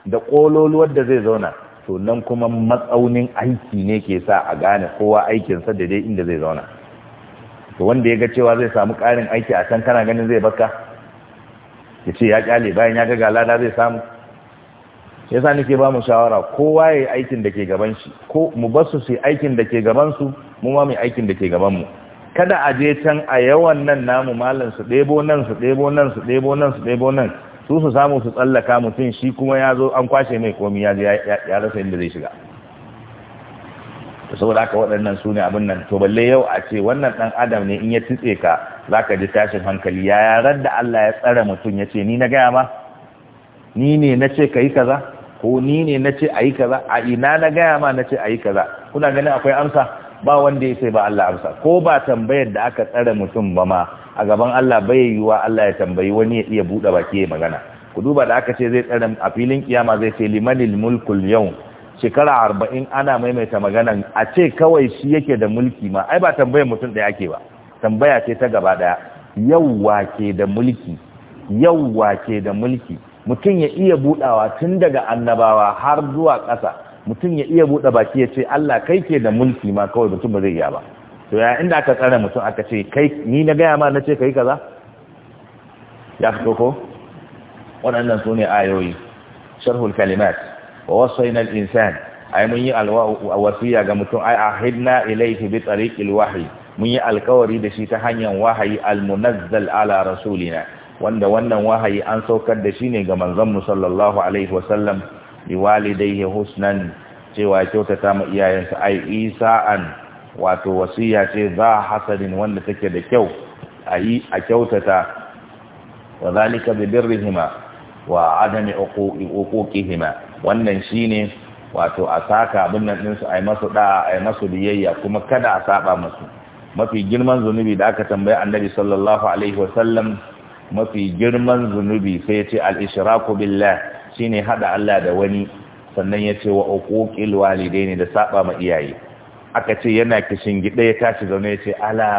da ƙololu wadda zai zauna to nan kuma matsaunin aiki ne ke sa a gane kowa aikinsa da dai inda zai zauna to wanda ya ga cewa zai samu ƙarin aiki a can kana ganin zai baka ya ce ya kyale bayan ya ga lada zai samu ya sa nake ba mu shawara kowa ya yi aikin da ke gaban shi ko mu basu su aikin da ke gaban su mu ma mu aikin da ke gaban mu kada a je can a yawan nan namu malam su ɗebo nan su ɗebo nan su ɗebo nan su ɗebo nan su su samu su tsallaka mutum shi kuma ya zo an kwashe mai komi ya ya rasa inda zai shiga saboda haka waɗannan su ne abin nan to balle yau a ce wannan ɗan adam ne in ya tutse ka za ka ji tashin hankali ya yaran da Allah ya tsare mutum ya ce ni na gaya ma ni ne na ce ka yi kaza ko ni ne na ce a yi kaza a ina na gaya ma na ce a yi kaza kuna ganin akwai amsa ba wanda ya sai ba Allah amsa ko ba tambayar da aka tsare mutum ba ma a gaban Allah bai yiwa Allah ya tambayi wani ya iya buɗe baki ya magana ku duba da aka ce zai tsare a filin kiyama zai ce limanil mulkul yau shekara arba'in ana maimaita maganan a ce kawai shi yake da mulki ma ai ba tambayar mutum ɗaya ake ba tambaya ce ta gaba ɗaya Yau ke da mulki yau ke da mulki mutum ya iya buɗawa tun daga annabawa har zuwa ƙasa mutum ya iya buɗe baki ya ce Allah kai ke da mulki ma kawai mutum ba zai iya ba to ya inda aka tsara mutum aka ce kai ni na gaya ma na ce kai kaza ya fito ko waɗannan su ne ayoyi sharhul kalimat wa wasaina al-insan ay mun yi wasiya ga mutum ai ahidna ilayhi bi tariqil wahyi mun yi alkawari da shi ta hanyar wahayi almunazzal ala rasulina wanda wannan wahayi an saukar da shi ne ga manzon mu sallallahu alaihi wasallam liwalidayhi husnan cewa kyautata ma iyayensa ai isa'an wato wasiya ce za hasadin wanda take da kyau a a kyautata wa zalika bi birrihima wa adami uquqihima wannan shine wato a saka abin nan din su ai masu da ai masu biyayya kuma kada a saba musu mafi girman zunubi da aka tambaye annabi sallallahu alaihi wasallam mafi girman zunubi sai ce al-ishraku billah shine hada Allah da wani sannan ya ce wa uquqil walidaini da saɓa ma iyaye aka ce yana kishin gida ya tashi zaune ya ce ala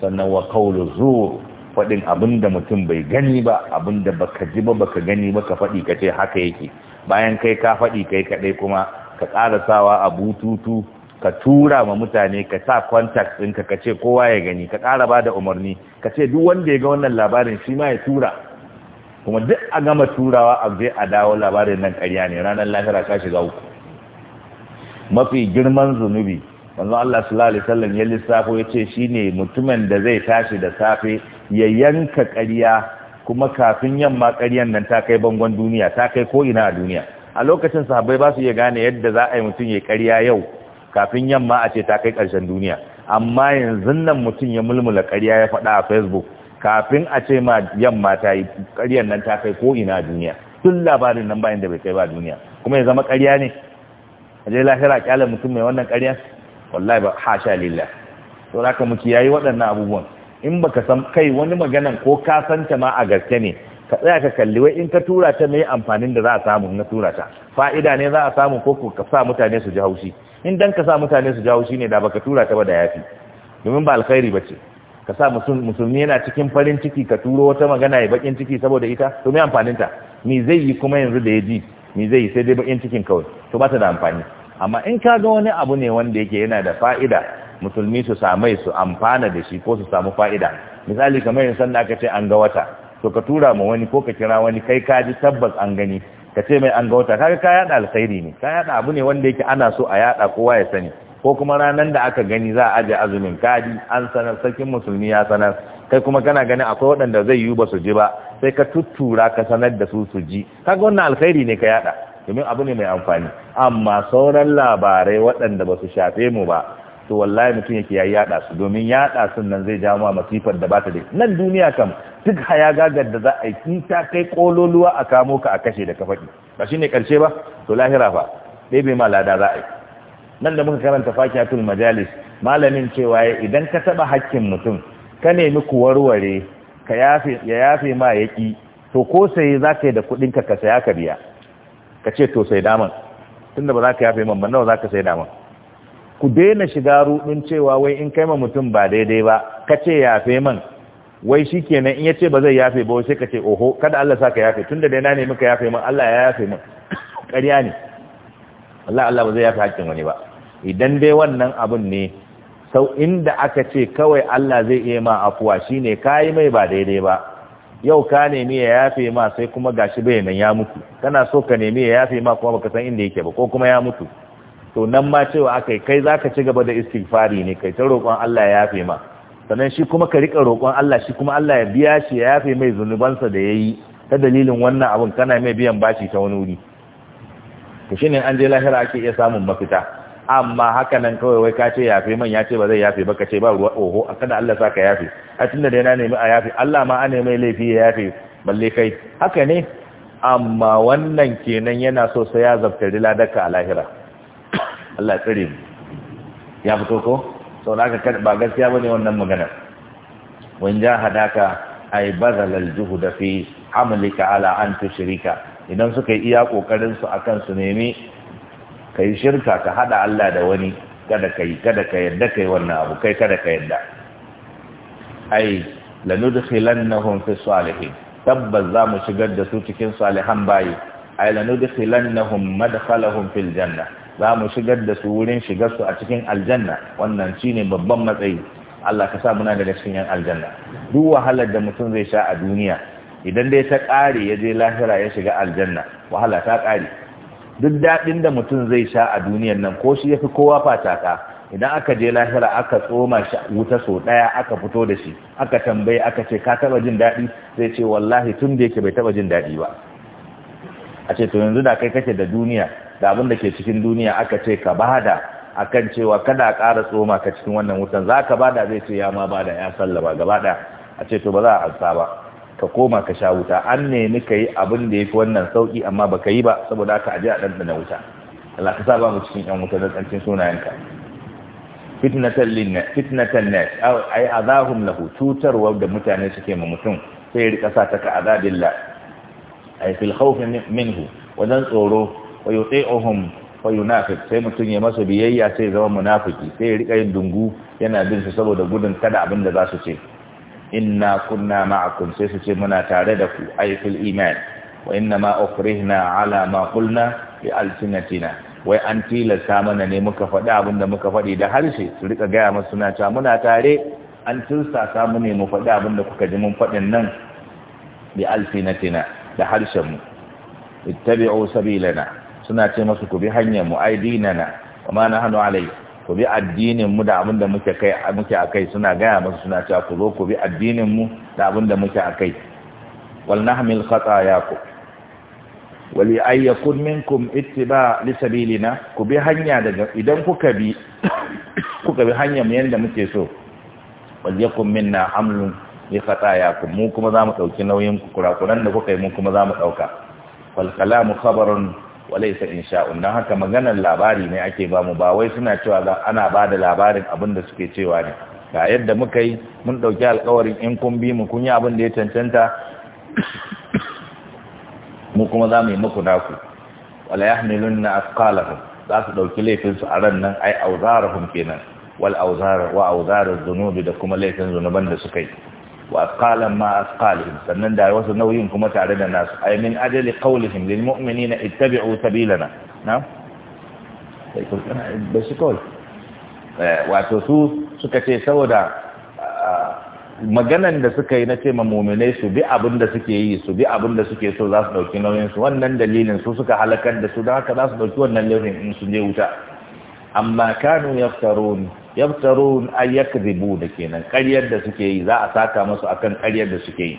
sannan wa qawlu faɗin fadin abinda mutum bai gani ba abinda baka ji ba baka gani ba ka fadi kace haka yake bayan kai ka fadi kai kadai kuma ka karasawa a bututu ka tura ma mutane ka sa contact ɗinka ka ce kowa ya gani ka ƙara ba da umarni ka ce duk wanda ya ga wannan labarin shi ma ya tura kuma duk a gama turawa a zai a dawo labarin nan karya ne ranar lahira ka shiga uku mafi girman zunubi wanzu Allah sallallahu alaihi wasallam ya lissafo ya ce shi ne mutumin da zai tashi da safe ya yanka ƙarya kuma kafin yamma ƙaryan nan ta kai bangon duniya ta kai ko ina a duniya a lokacin sahabbai ba su iya gane yadda za a yi mutum ya ƙarya yau kafin yamma a ce ta kai karshen duniya amma yanzu nan mutum ya mulmula ƙarya ya faɗa a facebook kafin a ce ma yamma ta yi ƙaryar nan ta kai ko ina duniya tun labarin nan bayan da bai kai ba duniya kuma ya zama ƙarya ne a je lahira kyala mutum mai wannan ƙarya wallahi ba hasha lillah to haka mu yayi waɗannan abubuwan in baka san kai wani maganan ko ka san ta ma a gaske ne ka tsaya ka kalli wai in ka tura ta mai amfanin da za a samu na tura ta fa'ida ne za a samu ko ka sa mutane su ji haushi in dan ka sa mutane su ji haushi ne da baka tura ta ba da yafi domin ba alkhairi bace ka sa musulmi yana cikin farin ciki ka turo wata magana ya bakin ciki saboda ita to me amfanin ta me zai yi kuma yanzu da ya ji me zai yi sai dai bakin cikin kawai to ba ta da amfani amma in ka ga wani abu ne wanda yake yana da fa'ida musulmi su samai su amfana da shi ko su samu fa'ida misali kamar yin sanda aka ce an ga wata to ka tura ma wani ko ka kira wani kai ka ji tabbas an gani ka ce mai an ga wata kaga ka yada alkhairi ne ka yada abu ne wanda yake ana so a yada kowa ya sani ko kuma ranar da aka gani za a aje azumin kadi an sanar sarkin musulmi ya sanar kai kuma kana ganin akwai waɗanda zai yiwu ba su ji ba sai ka tuttura ka sanar da su su ji kaga wannan alkhairi ne ka yada domin abu ne mai amfani amma sauran labarai waɗanda ba su shafe mu ba to wallahi mutum yake yayi yada su domin yada sun nan zai jawo masifar da ba ta da nan duniya kam duk haya gagar da za a yi ta kai kololuwa a kamo ka a kashe da ka faɗi ba shine karshe ba to lahira fa ɗebe ma lada za a yi nan da muka karanta fakiyatul majalis malamin cewa idan ka taba hakkin mutum ka nemi ku warware ka yafe ya yafe ma yaki to ko sai za ka yi da kudin ka ka saya ka biya ka ce to sai daman tunda ba za ka yafe man ba nawa za ka sai daman ku daina shiga rudin cewa wai in kai ma mutum ba daidai ba ka ce yafe man wai shi kenan in ya ce ba zai yafe ba sai ka ce oho kada Allah sa ka yafe tunda dai na nemi ka yafe man Allah ya yafe man ƙarya ne Allah Allah ba zai yafe hakkin wani ba idan dai wannan abin ne sau inda aka ce kawai Allah zai iya ma afuwa shine kayi mai ba daidai ba yau ka nemi ya yafe ma sai kuma gashi bai nan ya mutu kana so ka nemi ya yafe ma kuma baka san inda yake ba ko kuma ya mutu to nan ma cewa akai kai zaka ci gaba da istighfari ne kai ta roƙon Allah ya yafe ma sannan shi kuma ka rika roƙon Allah shi kuma Allah ya biya shi ya yafe mai zunubansa da yayi ta dalilin wannan abun kana mai biyan bashi ta wani wuri to shine an je lahira ake iya samun mafita amma haka nan kawai wai ka ce yafe man ya ce ba zai yafe ba ka ce ba ruwa oho kada Allah sa ka yafe a tunda da yana nemi a yafe Allah ma an nemi laifi ya yafe balle kai haka ne amma wannan kenan yana so sai ya rila daka a lahira Allah tsare mu ya fito ko sau da aka ba gaskiya bane wannan maganar wan ja hadaka ai bazalal juhuda fi amlika ala an tushrika idan suka yi iya kokarin su akan su nemi kai shirka ka hada Allah da wani kada kai kada ka yadda kai wannan abu kai kada ka yadda ai lanudkhilannahum fi salihin tabbas za mu shigar da su cikin salihan bayi ai lanudkhilannahum madkhalahum fil janna za mu shigar da su wurin shigar su a cikin aljanna wannan shine babban matsayi Allah ka sa muna daga cikin yan aljanna duk wahalar da mutum zai sha a duniya idan dai ta ƙare ya je lahira ya shiga aljanna wahala ta ƙare duk daɗin da mutum zai sha a duniyan nan ko shi ya fi kowa fataka idan aka je lahira aka tsoma wuta sau ɗaya aka fito da shi aka tambaye aka ce ka taɓa jin daɗi zai ce wallahi tun da yake bai taɓa jin daɗi ba a ce to yanzu da kai kake da duniya da abin da ke cikin duniya aka ce ka bada kan cewa kada ƙara tsoma ka cikin wannan wutan za ka bada zai ce ya ma bada ya sallama gaba ɗaya a ce to ba za a ansa ba ka koma ka sha wuta an nemi ka yi abin da ya fi wannan sauki amma ba ka yi ba saboda haka aje a ɗanɗana wuta Allah ka sa ba mu cikin ƴan wuta da sunayenka fitnatan linna fitnatan nas ay azahum lahu wa da mutane suke ma mutum sai rika sa ta ka azabilla ay fil khawf minhu wajen tsoro wa yuti'uhum wa yunafiq sai mutum ya masa biyayya sai zama munafiki sai rika yin dungu yana bin su saboda gudun kada abin da za su ce inna kunna ma'akum sai su ce muna tare da ku aifil iman wa inna ma ukrihna ala ma qulna bi alsinatina wai an tilasta mana ne muka faɗi abin da muka faɗi da harshe su rika gaya masu suna cewa muna tare an tilasta mu ne mu faɗi abin da kuka ji mun faɗin nan bi alsinatina da harshen mu ittabi'u sabilana suna ce masu ku bi hanyar mu aidinana wa ma nahnu alayhi ku bi addinin mu da abin da muke kai muke akai suna gaya musu suna cewa ku zo ku bi addinin mu da abin da muke akai wal nahmil khatayakum wa li ay yakun minkum ittiba li sabilina ku bi hanya daga idan kuka bi kuka bi hanya mu yanda muke so wal yakun minna hamlun li ku mu kuma za mu dauki nauyin ku kurakuran da kuka yi mu kuma za mu dauka wal kalamu khabarun walaisa insha'un don haka maganar labari ne ake bamu ba wai suna cewa ana ba da labarin abin da suke cewa ne ga yadda muka yi mun ɗauki alkawarin in kun bi mu kun yi abin da ya cancanta mu kuma za mu yi muku naku wala ya hamilun na za su ɗauki laifinsu a ran nan ai auzarahun kenan wal auzar wa auzarar zunubi da kuma laifin zunuban da suka yi wa asqalan ma asqalihim sannan da wasu nauyin kuma tare da nasu ay min ajali qawlihim lil mu'minina ittabi'u sabilana na sai ko da shi kawai eh, wato su suka ce saboda ah, maganan da suka yi na ce mamuminai su bi abin da suke yi su bi abin da suke so za su dauki nauyin su wannan dalilin su suka halakar da su don haka za su dauki wannan nauyin in su je wuta amma kanu yaftarun yabtarun ay da kenan ƙaryar da suke yi za a saka musu akan ƙaryar da suke yi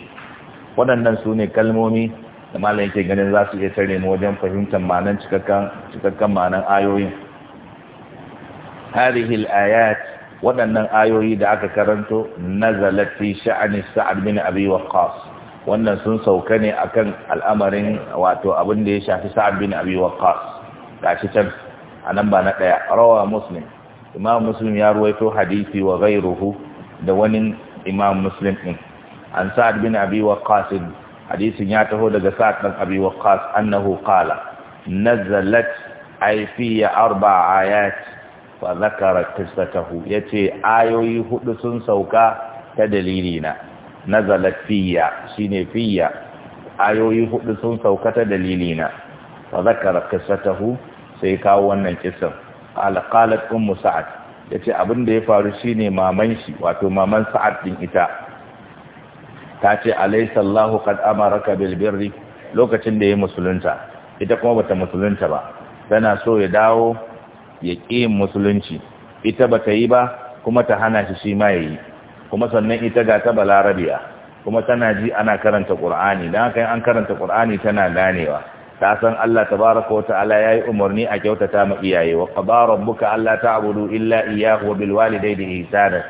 waɗannan sune kalmomi da malam yake ganin za su iya tare mu wajen fahimtar ma'anar cikakken cikakken ma'anar ayoyin hadhihi al waɗannan ayoyi da aka karanto nazalat fi sha'ni sa'ad bin abi waqqas wannan sun sauka ne akan al'amarin wato abin da ya shafi sa'ad bin abi waqqas gashi can anan ba na daya rawa muslim imam muslim ya ruwaito hadisi wa ghairuhu da wani imam muslim din an sa'ad bin abi waqqas hadisin ya taho daga sa'ad bin abi waqqas annahu qala nazalat ay fi arba ayat fa dhakara qissatahu yace ayoyi hudu sun sauka ta dalilina nazalat fiya shine fiya ayoyi hudu sun sauka ta dalilina fa dhakara qissatahu sai kawo wannan kissan qala qalat ummu sa'ad yace abin da ya faru shine maman shi wato maman sa'ad din ita tace alaysa Allahu qad amaraka bil birri lokacin da ya musulunta ita kuma bata musulunta ba tana so ya dawo ya ki musulunci ita bata yi ba kuma ta hana shi shi ma yayi kuma sannan ita ga ta balarabiya kuma tana ji ana karanta qur'ani dan haka an karanta qur'ani tana danewa. ta san Allah tabaraka wa ta'ala yayi umarni a kyautata ma iyaye wa Allah rabbuka alla ta'budu illa iyyahu wa bil walidayni ihsana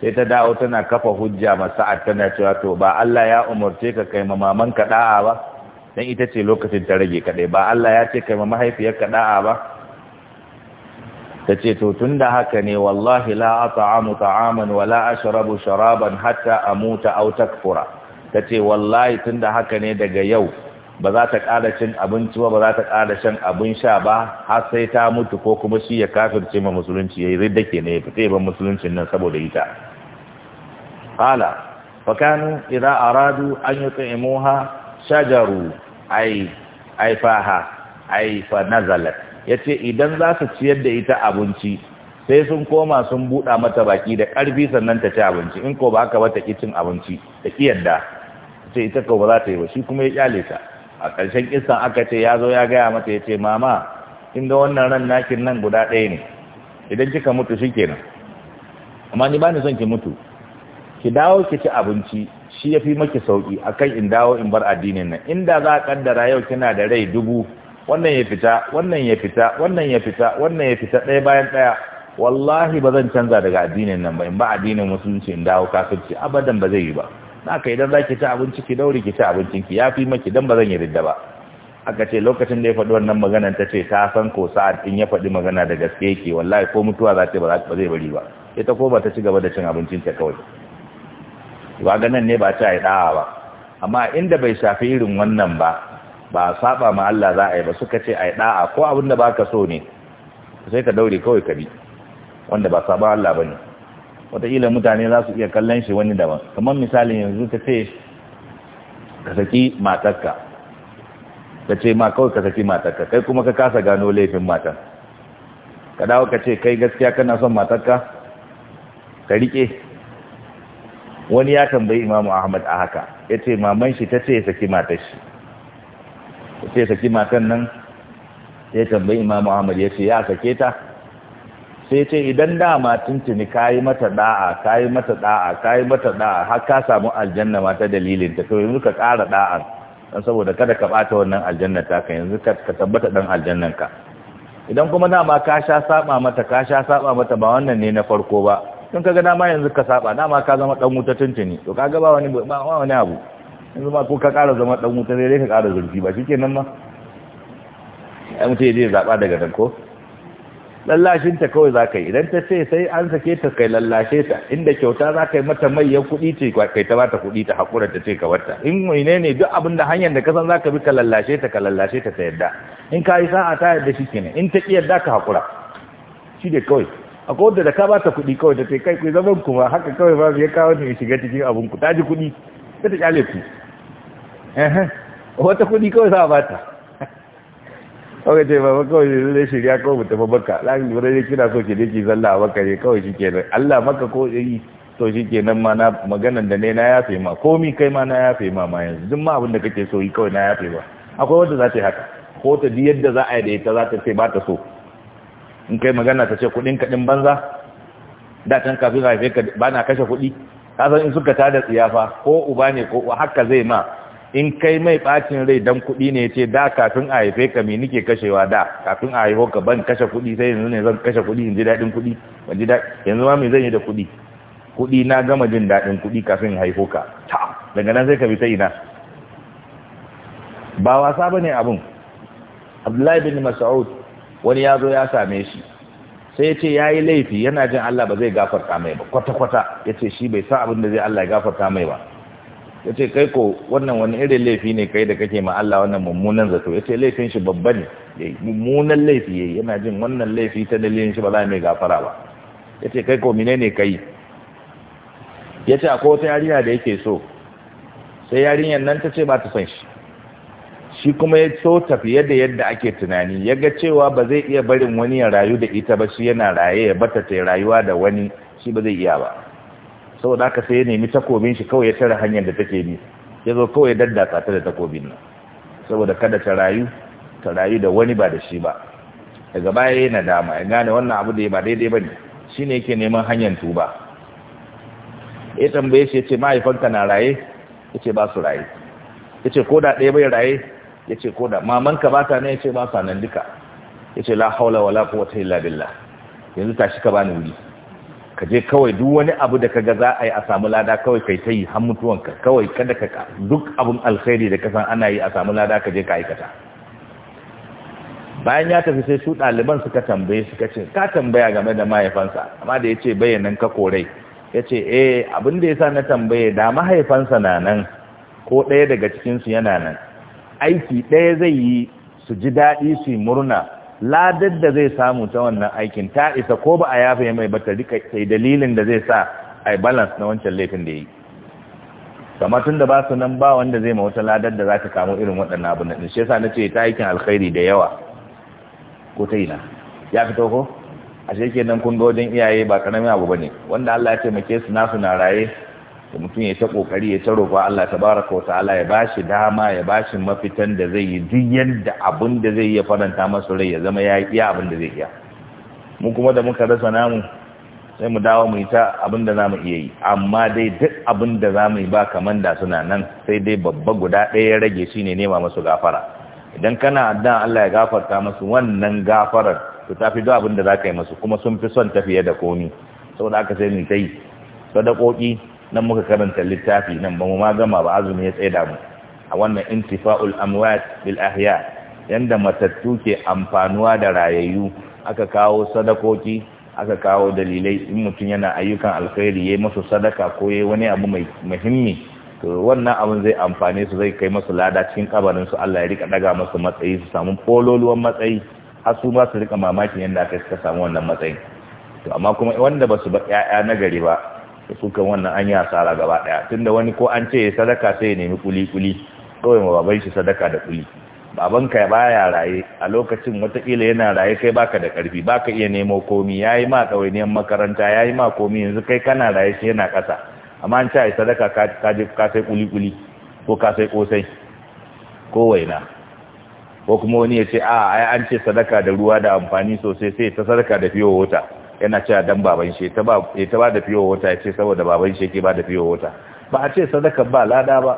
sai ta dawo tana kafa hujja ma sa'ad tana cewa to ba Allah ya umarce ka kai maman ka da'a ba dan ita ce lokacin ta rage kaɗai. ba Allah ya ce kai ma mahaifiyar ka da'a ba tace to tunda haka ne wallahi la at'amu ta'aman wa la ashrabu sharaban hatta amuta aw takfura tace wallahi tunda haka ne daga yau ba za ta ƙara cin abinci ba ba za ta ƙara shan abin sha ba har sai ta mutu ko kuma shi ya kafirce ma musulunci ya yi ridda ke ne ya fita ban musuluncin nan saboda ita qala fa kanu idza aradu an yut'imuha shajaru ai ai faha ai fa nazalat yace idan za su ciyar da ita abinci sai sun koma sun buɗa mata baki da ƙarfi sannan ta ci abinci in ko ba ka ba ta ƙi cin abinci ta ƙi yadda ce ita ko ba za ta yi ba shi kuma ya kyale ta a ƙarshen kisa aka ce ya zo ya gaya mata ya ce mama inda wannan ran nakin nan guda ɗaya ne idan kika mutu shi kenan amma ni ba son ki mutu ki dawo ki ci abinci shi ya fi maki sauƙi akan in dawo in bar addinin nan inda za a kaddara yau kina da rai dubu wannan ya fita wannan ya fita wannan ya fita wannan ya fita ɗaya bayan ɗaya wallahi ba zan canza daga addinin nan ba in ba addinin musulunci in dawo kafirci abadan ba zai yi ba haka idan za ki ci abinci ki daure ki ci abincin ki ya fi maki dan ba zan yi ridda ba aka ce lokacin da ya faɗi wannan maganar ta ce ta san ko sa'ad in ya faɗi magana da gaske yake wallahi ko mutuwa za ta ba zai bari ba ita ko ba ta ci gaba da cin abincin ta kawai ba ganin ne ba ta yi ɗawa ba amma inda bai shafi irin wannan ba ba saba ma Allah za a yi ba suka ce ai da'a ko abin da baka so ne sai ka daure kawai ka bi wanda ba saba Allah ne. wataƙila mutane za su iya kallon shi wani daban kamar misali yanzu ta ce ka saki matarka ta ce ma kawai ka saki matarka kai kuma ka kasa gano laifin matar ka dawo ka ce kai gaskiya kana son matarka ka riƙe wani ya tambayi imamu ahmad a haka ya ce maman shi ta ce ya saki matar shi ta ce saki matar nan ya tambayi imamu ahmad ya ce ya sake ta sai ce idan dama tuntuni yi mata da'a yi mata da'a yi mata da'a har ka samu aljanna ma ta dalilin ta to yanzu ka ƙara da'a dan saboda kada ka bata wannan aljanna ta ka yanzu ka tabbata dan aljannan ka idan kuma dama ka sha saba mata ka sha saba mata ba wannan ne na farko ba tun kaga dama yanzu ka saba dama ka zama dan wuta tuntuni to kaga ba wani ba wani abu yanzu ba ko ka ƙara zama dan wuta sai dai ka ƙara zurfi ba shikenan ma ai mutum zai zaba daga nan ko lallashin ta kawai za ka yi idan ta ce sai an sake ta kai lallashe ta inda kyauta za ka yi mata manyan kuɗi ce kai ta bata kuɗi ta haƙura ta ce ka wata in mene ne duk abin da hanyar da ka san za ka bi ka lallashe ta ka lallashe ta ta yadda in ka yi sa'a ta yadda shi kenan in ta ƙi yadda ka haƙura shi da kawai a wanda da ka bata kuɗi kawai ta ce kai ku zaman kuma haka kawai ba ya kawo ni shiga cikin abin ku ta ji kuɗi ta ta ƙyale ku wata kuɗi kawai za a bata kawai ce ba kawai zai shirya kawai mutum baka lakin lura ne kina so ke je ki zalla a baka ne kawai shi kenan Allah maka ko yi to shi kenan ma na maganan da ne na yafe ma komi kai ma na yafe ma ma yanzu duk ma abin da kake so yi kawai na yafe ma akwai wanda za ta yi haka ko ta di yadda za a yi da ita za ta ce ba ta so in kai magana ta ce kuɗin kaɗin banza da can kafin haife ka ba na kashe ka kasan in suka tada tsiyafa ko uba ne ko haka zai ma in kai mai bacin rai dan kuɗi ne ya ce da kafin a haife ka me nike kashewa da kafin a haifo ka ban kashe kuɗi sai yanzu ne zan kashe kuɗi in ji daɗin kuɗi ban ji yanzu ma me zan yi da kuɗi kuɗi na gama jin daɗin kuɗi kafin haifo ka ta daga nan sai ka bi ta ina ba wasa bane abun Abdullahi bin Mas'ud wani ya zo ya same shi sai ya ce ya yi laifi yana jin Allah ba zai gafarta mai ba kwata-kwata ya ce shi bai san abin da zai Allah ya gafarta mai ba ya ce kai ko wannan wani irin laifi ne kai da kake ma Allah wannan mummunan zato ya ce laifin shi babba ne mummunan laifi yayi yana jin wannan laifi ta dalilin shi ba za mai gafara ba ya ce kai ko mine ne kai ya ce akwai wata yarinya da yake so sai yarinyar nan ta ce ba ta son shi shi kuma ya so tafiye da yadda ake tunani ya ga cewa ba zai iya barin wani ya rayu da ita ba shi yana raye ya bata ta rayuwa da wani shi ba zai iya ba saboda aka sai ya nemi takobin shi kawai ya tare hanyar da take bi ya zo kawai daddatsa ta da takobin nan saboda kada ta rayu ta rayu da wani ba da shi ba daga baya ya nadama ya gane wannan abu da ya ba daidai ba ne shi ne yake neman hanyar tuba ya tambaye shi ya ce mahaifanka na raye ya ce ba su raye ya ce koda ɗaya bai raye ya ce koda mamanka ba ta ne ya ce ba sa duka ya ce la haula wa la quwwata illa billah yanzu tashi ka bani wuri ka je kawai duk wani abu da kaga za a yi a samu lada kawai kai ta yi har mutuwanka kawai kada ka duk abun alkhairi da ka san ana yi a samu lada ka je ka aikata bayan ya tafi sai su ɗaliban suka tambaye suka ce ka tambaya game da mahaifansa amma da ya ce bayanan ka korai ya ce eh abin da ya sa na tambaye da mahaifansa na nan ko ɗaya daga cikinsu yana nan aiki ɗaya zai yi su ji daɗi su yi murna ladar da zai samu ta wannan aikin ta isa ko ba a yafe mai ba ta rika sai dalilin da zai sa a balance na wancan laifin da ya yi kamar tun da ba su nan ba wanda zai ma wata ladar da za ta kamo irin waɗannan abu na shi yasa na ce ta aikin alkhairi da yawa ko ta ina ya fito ko a nan kun ga wajen iyaye ba ƙaramin abu ba ne wanda Allah ya taimake su nasu na raye da mutum ya ta kokari ya ta roƙa Allah ta tabaraka wa ta'ala ya ba shi dama ya bashi mafitan da zai yi duk yadda abin da zai iya faranta masa rai ya zama ya iya abin da zai iya mu kuma da muka rasa namu sai mu dawo mu yi ta abin da zamu iya yi amma dai duk abin da zamu yi ba kaman da suna nan sai dai babba guda ɗaya ya rage ne nema masu gafara idan kana addan Allah ya gafarta masu wannan gafarar to tafi duk abin da zaka yi masu kuma sun fi son tafiye da komi saboda aka sai mu yi sadakoki nan muka karanta littafi nan ba mu ma gama ba azumi ya da mu a wannan intifa'ul amwat bil ahya yanda matattu ke amfanuwa da rayayyu aka kawo sadakoki aka kawo dalilai in mutum yana ayyukan alkhairi yayi masa sadaka ko yayi wani abu mai muhimmi to wannan abun zai amfane su zai kai masu lada cikin kabarin su Allah ya rika daga masu matsayi su samu pololuwan matsayi har su ba su rika mamakin yanda aka suka samu wannan matsayin to amma kuma wanda ba su ba ƴaƴa na gari ba da sukan wannan an yi asara gaba daya tunda wani ko an ce sadaka sai ya nemi kuli kuli kawai ma baban shi sadaka da kuli babanka baya raye a lokacin watakila yana raye kai baka da karfi baka iya nemo komi yayi ma ɗawainiyar makaranta yayi ma komi yanzu kai kana raye shi yana kasa amma an ce sadaka ka je ka sai kuli kuli ko ka sai kosai ko waina ko kuma wani ya ce a ai an ce sadaka da ruwa da amfani sosai sai ta sadaka da fiyo wata yana cewa dan baban shi ta ba eh, ta ba da fiyo wata yace saboda baban shi yake ba da fiyo wata ba a ce sadaka ba lada ba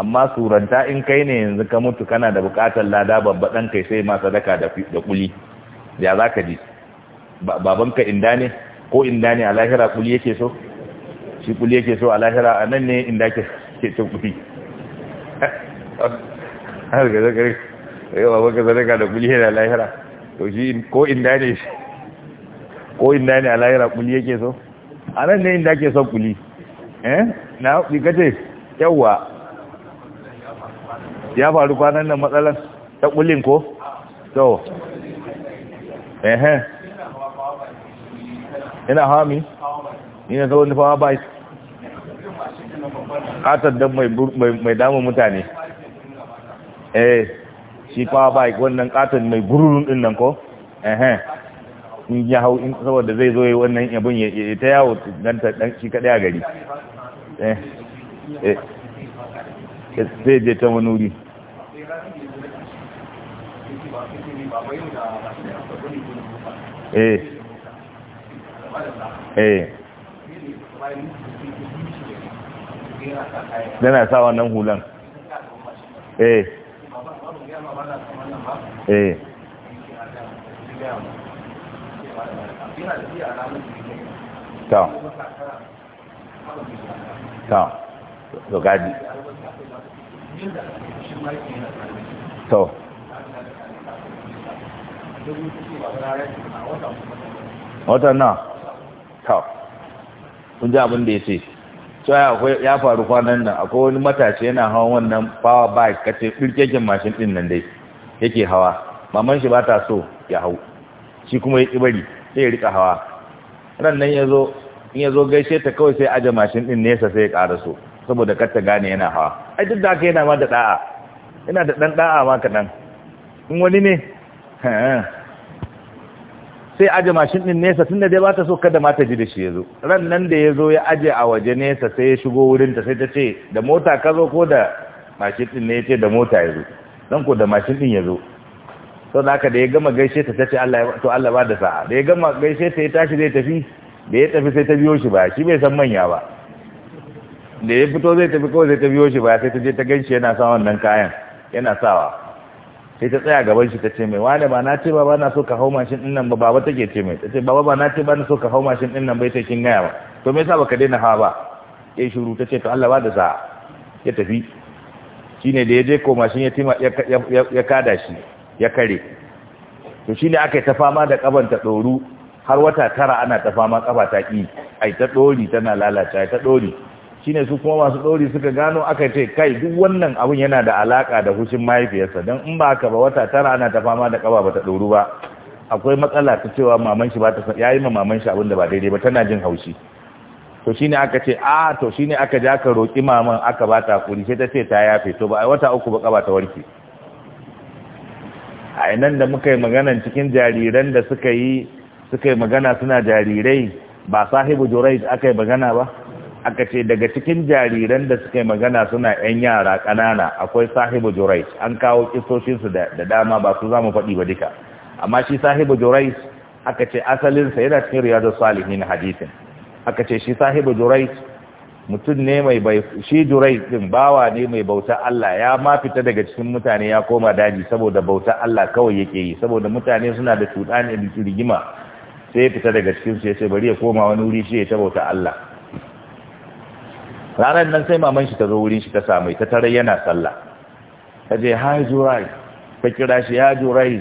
amma suranta in kai ne yanzu ka mutu kana da bukatar lada babba dan kai sai ma sadaka da da kuli ya zaka ji baban ka inda ne ko inda ne a lahira kuli yake so shi kuli yake so a lahira anan ne inda ke ke to kuli har ga zakari yau eh, baban ka sadaka da kuli yana lahira to shi ko inda ne shi ko inda ne a lahira kuli yake so a nan ne inda ke son kuli eh na kace yawa ya faru kwanan nan matsalan ta kulin ko to eh ina hami ina zo ni fawa bai katar dan mai mai damu mutane eh shi fawa bai wannan katar mai gururun din nan ko eh eh in ya hau in saboda zai zo wannan abun ya ta yawo dan ta dan shi kadai a gari eh eh, eh sai je ta manuri eh eh yana sa wannan hulan eh eh ta to gadi to na ta kun ji abin da ya ce akwai ya faru kwanan nan akwai wani matashi yana hawan wannan power bike kace birkekin mashin din nan dai yake hawa maman shi ba ta so ya hau shi kuma ya ƙi bari sai ya rika hawa ran nan ya zo in ya zo gaishe ta kawai sai aje mashin din nesa sai ya ƙara so saboda kar ta gane yana hawa ai duk da haka yana ma da da'a yana da dan da'a ma kaɗan in wani ne eh, sai aje mashin din nesa tun da dai ba ta so kada ma ta ji da shi ya zo ran nan da ya zo ya aje a waje nesa sai ya shigo wurin ta sai ta ce da mota ka zo ko da mashin din ne ya ce da mota ya zo don ko da mashin din ya zo sau da haka da ya gama gaishe ta tace Allah to Allah ba da sa'a da ya gama gaishe ta ya tashi zai tafi da ya tafi sai ta biyo shi ba shi bai san manya ba da ya fito zai tafi kawai zai ta biyo shi ba sai ta je ta ganshi yana sa wannan kayan yana sawa sai ta tsaya gaban shi ta ce mai wane ba na ce ba na so ka hau mashin din nan ba baba take ce mai ta ce baba ba na ce ba na so ka hau mashin din nan bai ta kin gaya ba to me yasa baka daina hawa ba ya shuru ta ce to Allah ba da sa'a ya tafi shine da ya je ko mashin ya tima ya kada shi ya kare to shi ne aka yi ta da ƙaban ta ɗoru har wata tara ana ta fama ta ƙi ai ta ɗori tana lalata ta ɗori shi ne su kuma masu ɗori suka gano aka ce kai duk wannan abin yana da alaƙa da hushin mahaifiyarsa don in ba ka ba wata tara ana ta da ƙaba ba ta ɗoru ba akwai matsala ta cewa maman shi ba ta ya yi ma maman shi abin da ba daidai ba tana jin haushi to shine aka ce a to shine aka ja ka roki maman aka ba ta kuri sai ta ce ta yafe to ba ai wata uku ba ƙaba ta warke a inan da muka yi magana cikin jariran da suka yi suka yi magana suna jarirai ba sahibu jurais aka yi magana ba aka ce daga cikin jariran da suka yi magana suna yan yara ƙanana akwai sahibu jurais an kawo kisoshinsu da dama ba su za mu faɗi ba duka amma shi sahibu jurais aka ce asalinsa yana cikin riyadu salihin hadisin aka ce shi sahibu jurais mutum ne mai bai shi durai din bawa ne mai bauta Allah ya ma fita daga cikin mutane ya koma daji saboda bauta Allah kawai yake yi saboda mutane suna da ne da rigima sai ya fita daga cikin su ya bari ya koma wani wuri shi ya ta bauta Allah ranar nan sai maman shi ta zo wurin shi ta samu ta tare yana sallah ta je ha jurai ta kira shi ya jurai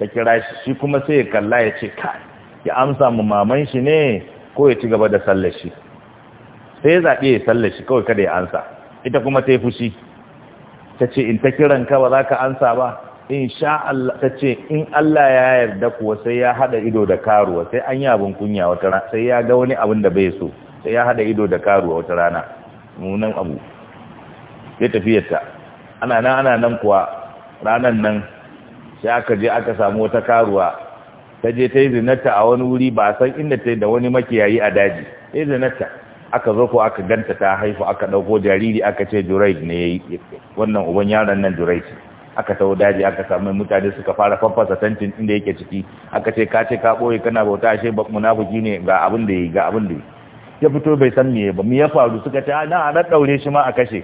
ta kira shi shi kuma sai ya kalla ya ce ka ya amsa mu maman shi ne ko ya ci gaba da sallar shi sai ya zaɓe ya sallar shi kawai kada ya ansa ita kuma ta yi fushi ta ce in ta kiran ka ba za ka ansa ba in sha Allah ta ce in Allah ya yarda kuwa sai ya haɗa ido da karuwa sai an yi abin kunya wata rana sai ya ga wani abin da bai so sai ya haɗa ido da karuwa wata rana munan abu ya tafiyarta ana nan ana nan kuwa ranar nan sai aka je aka samu wata karuwa ta je ta yi zinarta a wani wuri ba san inda ta yi da wani makiyayi a daji ta yi zinarta aka zo ko aka ganta ta haifu aka ɗauko jariri aka ce juraid ne wannan uban yaron nan juraid aka tawo daji aka samu mutane suka fara fafasa tantin inda yake ciki aka ce ka ce ka ɓoye kana bauta ashe munafuki ne ga abin da yi yi ya fito bai san me ba me ya faru suka ce ah, na a shi ma a kashe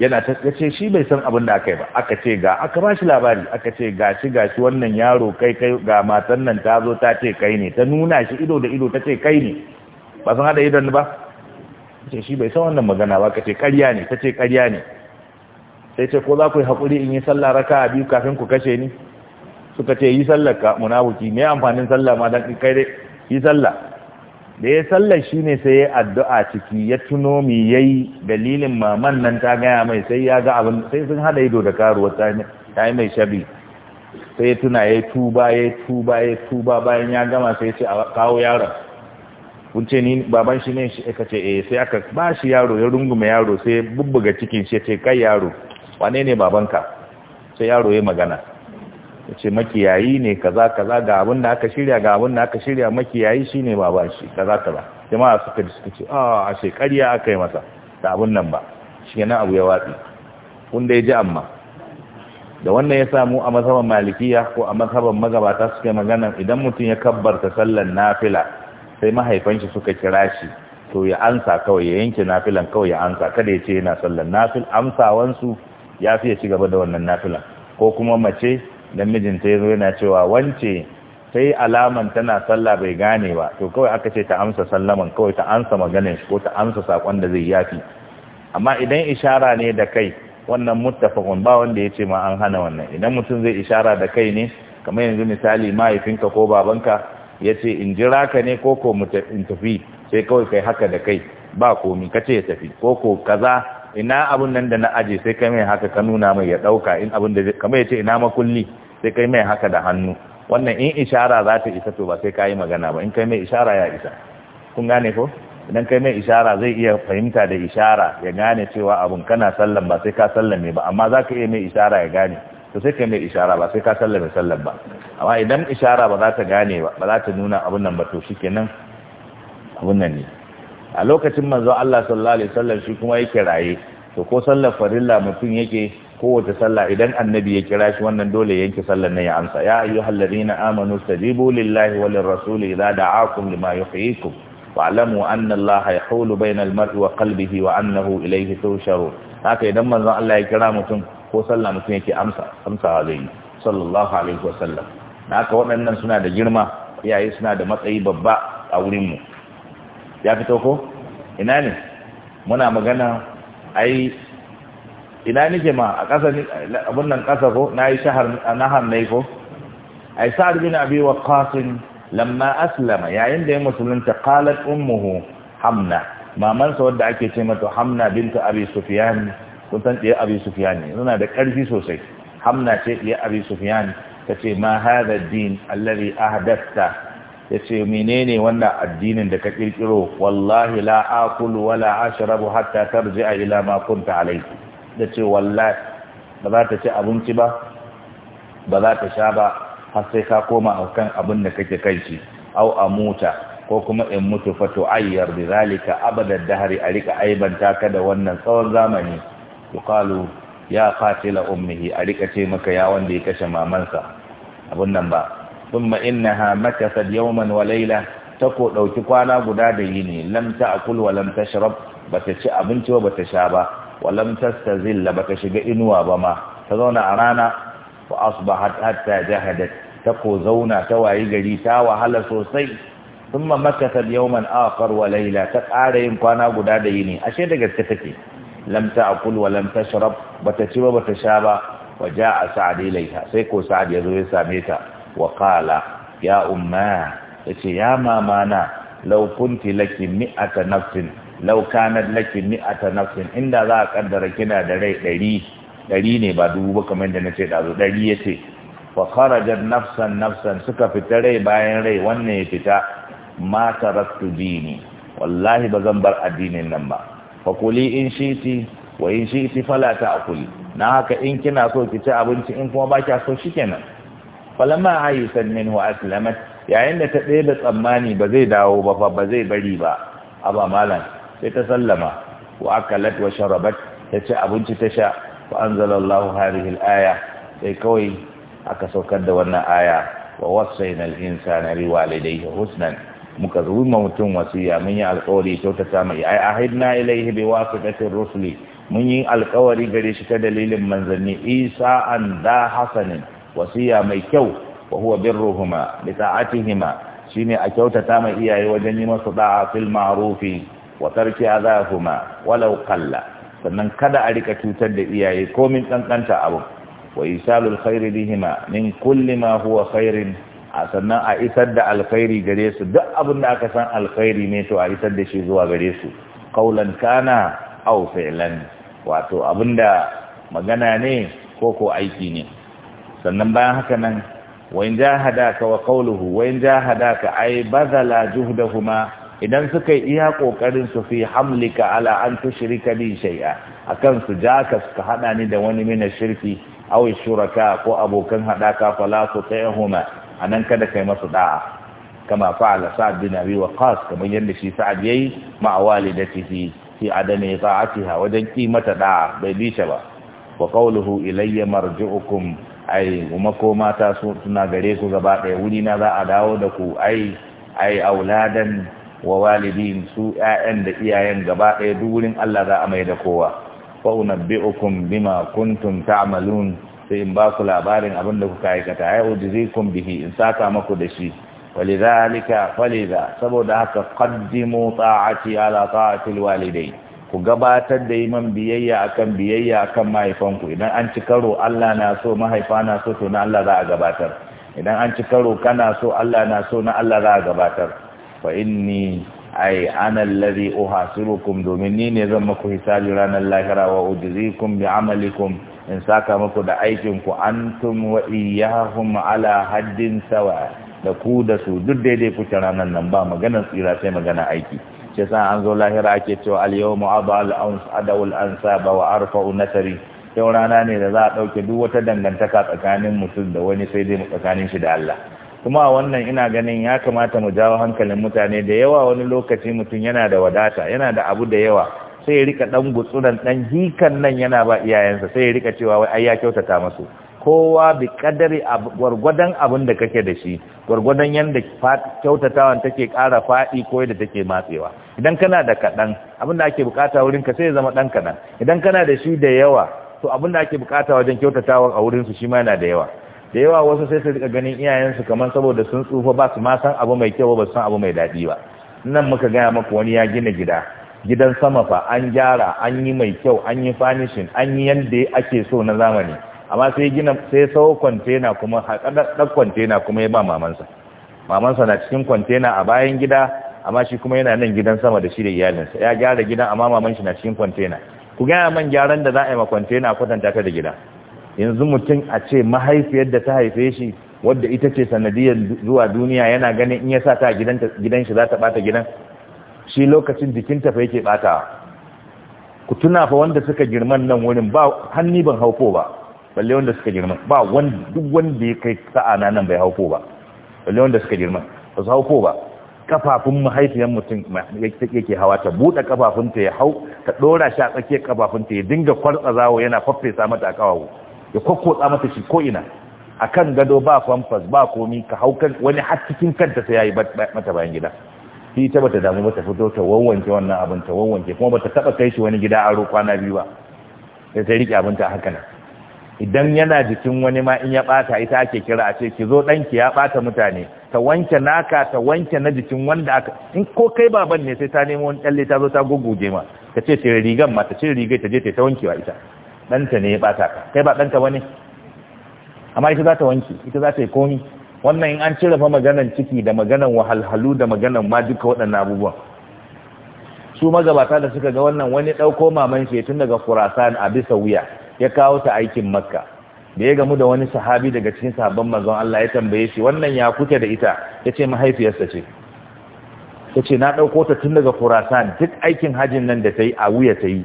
yana ta ce shi bai san abin da aka yi ba aka ce ga aka ba shi labari aka ce gashi gashi wannan yaro kai kai ga matan nan ta zo ta ce kai ne ta nuna shi ido da ido ta ce kai ne ba sun hada idon ba ce shi bai san wannan magana ba kace ƙarya ne ce ƙarya ne sai ce ko za ku yi hakuri in yi sallah raka a biyu kafin ku kashe ni suka ce yi sallah ka munawuki. me amfanin sallah ma dan kai dai yi sallah da ya sallar shine sai ya addu'a ciki ya tuno mi yayi dalilin maman nan ta gaya mai sai ya ga abin sai sun hada ido da karuwa ta yi mai shabi sai ya tuna ya tuba ya tuba ya tuba bayan ya gama sai ya ce a kawo yaron kun ce ni baban shi ne shi aka ce eh sai aka ba shi yaro ya rungume yaro sai bubbuga cikin shi ce kai yaro wane ne babanka sai yaro ya magana ya ce makiyayi ne kaza kaza ga abin da aka shirya ga abin da aka shirya makiyayi shi ne baban shi kaza kaza jama'a suka ji suka ce a a ƙarya aka yi masa da abin nan ba shi ne abu ya watsi kun da ya ji amma da wannan ya samu a mazhaban malikiya ko a mazhaban magabata suke magana idan mutum ya kabbarta sallar nafila sai mahaifan suka kira shi to ya ansa kawai ya yanke nafilan kawai ya ansa kada ya ce yana sallan nafil amsawansu ya fi ya ci gaba da wannan nafilan ko kuma mace dan mijin ta zo yana cewa wance sai alaman tana sallah bai gane ba to kawai aka ce ta amsa sallaman kawai ta ansa maganin shi ko ta amsa sakon da zai yafi amma idan ishara ne da kai wannan muttafaqun ba wanda ya ce ma an hana wannan idan mutum zai ishara da kai ne kamar yanzu misali mahaifinka ko babanka ya ce in jira ka ne ko ko in tafi sai kawai kai haka da kai ba komi ka ce ya tafi ko ko kaza ina abun nan da na aje sai kai mai haka ka nuna mai ya ɗauka in abun da kamar ya ce ina makulli sai kai mai haka da hannu wannan in ishara za ta isa to ba sai ka magana ba in kai mai ishara ya isa kun gane ko idan kai mai ishara zai iya fahimta da ishara ya gane cewa abun kana sallan ba sai ka sallame ba amma za ka iya mai ishara ya gane to sai kai mai ishara ba sai ka sallame sallar ba amma idan ishara ba za ta gane ba ba za ta nuna abun nan ba to shikenan nan ne a lokacin manzo Allah sallallahu alaihi wasallam shi kuma yake raye to ko sallar farilla mutum yake kowace sallah idan annabi ya kira shi wannan dole yanke sallar nan ya amsa ya ayyuhal amanu stajibu lillahi walir rasuli idza da'akum lima yuhyikum wa'lamu anna allaha yahulu bainal mar'i wa qalbihi wa annahu ilayhi tusharun haka idan manzo Allah ya kira mutum ko sallah mutum yake amsa amsawa zai yi sallallahu alaihi wasallam na haka waɗannan suna da girma iyaye suna da matsayi babba a wurinmu ya fito ko ina ne muna magana ai ina ke ma a ƙasa abin nan ƙasa ko na yi shahar nahar yi ko ai sa'ad bin abi qasim lamma aslama yayin da ya musulunta qalat ummuhu hamna mamansa wadda ake ce mata hamna bint abi sufyan kun san ɗaya abi sufiyan ne suna da ƙarfi sosai hamna ce ɗaya abi sufiyan ta ce ma hada din allari ahadatta ya ce menene wannan addinin da ka kirkiro wallahi la akulu wala ashrabu hatta tarji'a ila ma kunta alayhi da ce wallahi ba za ta ci abinci ba ba za ta sha ba har sai ka koma akan abin da kake kai shi au amuta ko kuma in mutu fa tu'ayyar bi zalika abada dahri a rika aibanta ka da wannan tsawon zamani yuqalu ya qatila ummihi a rika ce maka ya wanda ya kashe mamansa abun nan ba thumma innaha makasat yawman wa layla ko dauki kwana guda da yini lam ta'kul wa lam tashrab bata ci abinci ba bata sha ba wa lam tastazilla bata shiga inuwa ba ma ta zauna a rana wa asbahat hatta jahadat ko zauna ta wayi gari ta wahala sosai thumma makasat yawman akhar wa layla ta kara yin kwana guda da yini ashe da gaske take lam ta'kul wa lam tashrab bata ci ba bata sha ba wa ja'a sa'd ilayha sai ko sa'd yazo ya same ta wa qala ya umma yace ya mama na law kunti laki mi'ata nafsin law kanat laki mi'ata nafsin inda za a kaddara kina da rai ɗari ɗari ne ba dubu ba kamar da nace dazu ɗari yace wa kharajat nafsan nafsan suka fita rai bayan rai wannan ya fita ma taraktu dini wallahi bazan bar addinin nan ba fakuli in shiti wa in shiti a kuli! na haka in kina so ki ci abinci in kuma ba kya so shikenan falamma ayisan wa aslamat yayin da ta da tsammani ba zai dawo ba fa ba zai bari ba aba malam sai ta sallama wa akalat wa sharabat ta ci abinci ta sha fa anzalallahu hadhihi al-aya sai kawai aka saukar da wannan aya wa wasaina al-insana biwalidayhi husnan muka ma mutum wasiya mun yi alkawari kyautata mai ai ahidna ilaihi bi wasitatir rusuli mun yi alkawari gare shi ta dalilin manzanni isa an da hasanin wasiya mai kyau wa huwa birruhuma bi ta'atihima shine a kyautata mai iyaye wajen yi masu da'a fil ma'rufi wa tarki adahuma walau qalla sannan kada a rika cutar da iyaye komin kankanta abu wa isalul khairi bihima min kulli ma huwa khairin a sannan a isar da alkhairi gare su duk abin da aka san alkhairi ne to a isar da shi zuwa gare su kaulan kana au fi'lan wato abinda magana ne ko ko aiki ne sannan bayan haka nan wayin in jahadaka wa qawluhu wayin in jahadaka ay bazala juhdahuma idan suka yi iya kokarin su fi hamlika ala an tushrika bi shay'a akan su jaka suka hada ni da wani mina shirki aw shuraka ko abokan hadaka fala su tahuma a nan kada kai masu da'a kama fa'ala sa'ad bin abi waqas kamar yadda shi sa'ad yayi ma walidatihi fi adami sa'atiha wajen mata da'a bai bi ta ba wa qawluhu ilayya marji'ukum ai kuma ko mata su suna gare ku gaba ɗaya wuri na za a dawo da ku ai ai auladan wa walidin su ƴaƴan da iyayen gaba ɗaya duk wurin Allah za a mai da kowa fa unabbi'ukum bima kuntum ta'malun sai in ba ku labarin abin da kuka aikata ai udrikum bihi in saka maku da shi walidhalika falidha saboda haka qaddimu ta'ati ala ta'ati alwalidain ku gabatar da yi man biyayya akan biyayya akan mahaifanku idan an ci karo Allah na so mahaifa na so to na Allah za a gabatar idan an ci karo kana so Allah na so na Allah za a gabatar fa inni ai ana allazi uhasibukum domin ni ne zan maku hisabi ranar lahira wa udrikum bi amalikum in saka muku da aikin ku antum wa iyyahum ala haddin sawa da ku da su duk daidai kuke ranar nan ba maganar tsira sai magana aiki ce sa an zo lahira ake cewa al-yawmu adal ans adawul ansaba wa arfa'u nasari yau rana ne da za a ɗauke duk wata dangantaka tsakanin mutum da wani sai dai tsakanin shi da Allah kuma a wannan ina ganin ya kamata mu jawo hankalin mutane da yawa wani lokaci mutum yana da wadata yana da abu da yawa sai ya rika dan gutsuran dan hikan nan yana ba iyayensa sai ya rika cewa wai ai ya kyautata masu kowa bi kadari gurgudan abin da kake da shi gurgudan yadda kyautatawan take ƙara faɗi ko yadda take matsewa idan kana da kaɗan abin da ake bukata wurin ka sai zama ɗan kaɗan idan kana da shi da yawa to abin da ake bukata wajen kyautatawan a wurinsu shi ma yana da yawa da yawa wasu sai su rika ganin iyayensu kamar saboda sun tsufa ba su ma san abu mai kyau ba su san abu mai daɗi ba nan muka gaya maka wani ya gina gida gidan sama fa an gyara an yi mai kyau an yi fanishin an yi yadda ake so na zamani amma sai gina sai sau kwantena kuma haɗaɗɗar kwantena kuma ya ba mamansa mamansa na cikin kwantena a bayan gida amma shi kuma yana nan gidan sama da shi da iyalinsa ya gyara gidan amma maman shi na cikin kwantena ku gaya man gyaran da za a yi ma kwantena kwatanta ta da gida yanzu mutum a ce mahaifiyar da ta haife shi wadda ita ce sanadiyar zuwa duniya yana ganin in ya sa ta gidan shi za ta bata gidan shi lokacin jikinta fa yake bata ku tuna fa wanda suka girman nan wurin ba hanni ban hauko ba balle wanda suka girman ba wanda duk wanda ya kai sa'a na nan bai hauko ba balle wanda suka girman ba su hauko ba kafafun mahaifiyar mutum yake hawa ta buɗe kafafunta ya hau ta ɗora shi a tsakiyar kafafunta ya dinga kwartsa zawo yana faffesa mata a kawawo ya kwakwatsa mata shi ko ina kan gado ba famfas ba komi ka hau wani har cikin kanta sai ya yi mata bayan gida shi ta bata damu bata fito ta wawwanke wannan abin ta wawwanke kuma bata taba kai shi wani gida aro kwana biyu ba sai ta rike abin ta haka nan idan yana jikin wani ma in ya bata ita ake kira a ce ki zo danki ya bata mutane ta wanke naka ta wanke na jikin wanda aka in ko kai baban ne sai ta nemo wani dalle ta zo ta guguje ma ta ce ta rigan ma ta ce rigai ta je ta wankewa ita danta ne ya bata ka kai ba danta wani amma ita za ta wanke ita za ta yi komi wannan in an cire fa maganan ciki da maganan wahalhalu da maganan ma duka waɗannan abubuwa su magabata da suka ga wannan wani ɗauko maman shi tun daga Khurasan a bisa wuya ya kawo ta aikin Makka da ya gamu da wani sahabi daga cikin sahabban manzon Allah ya tambaye shi wannan ya kuke da ita yace mahaifiyarsa ce yace na ɗauko ta tun daga Khurasan duk aikin hajin nan da ta yi a wuya ta yi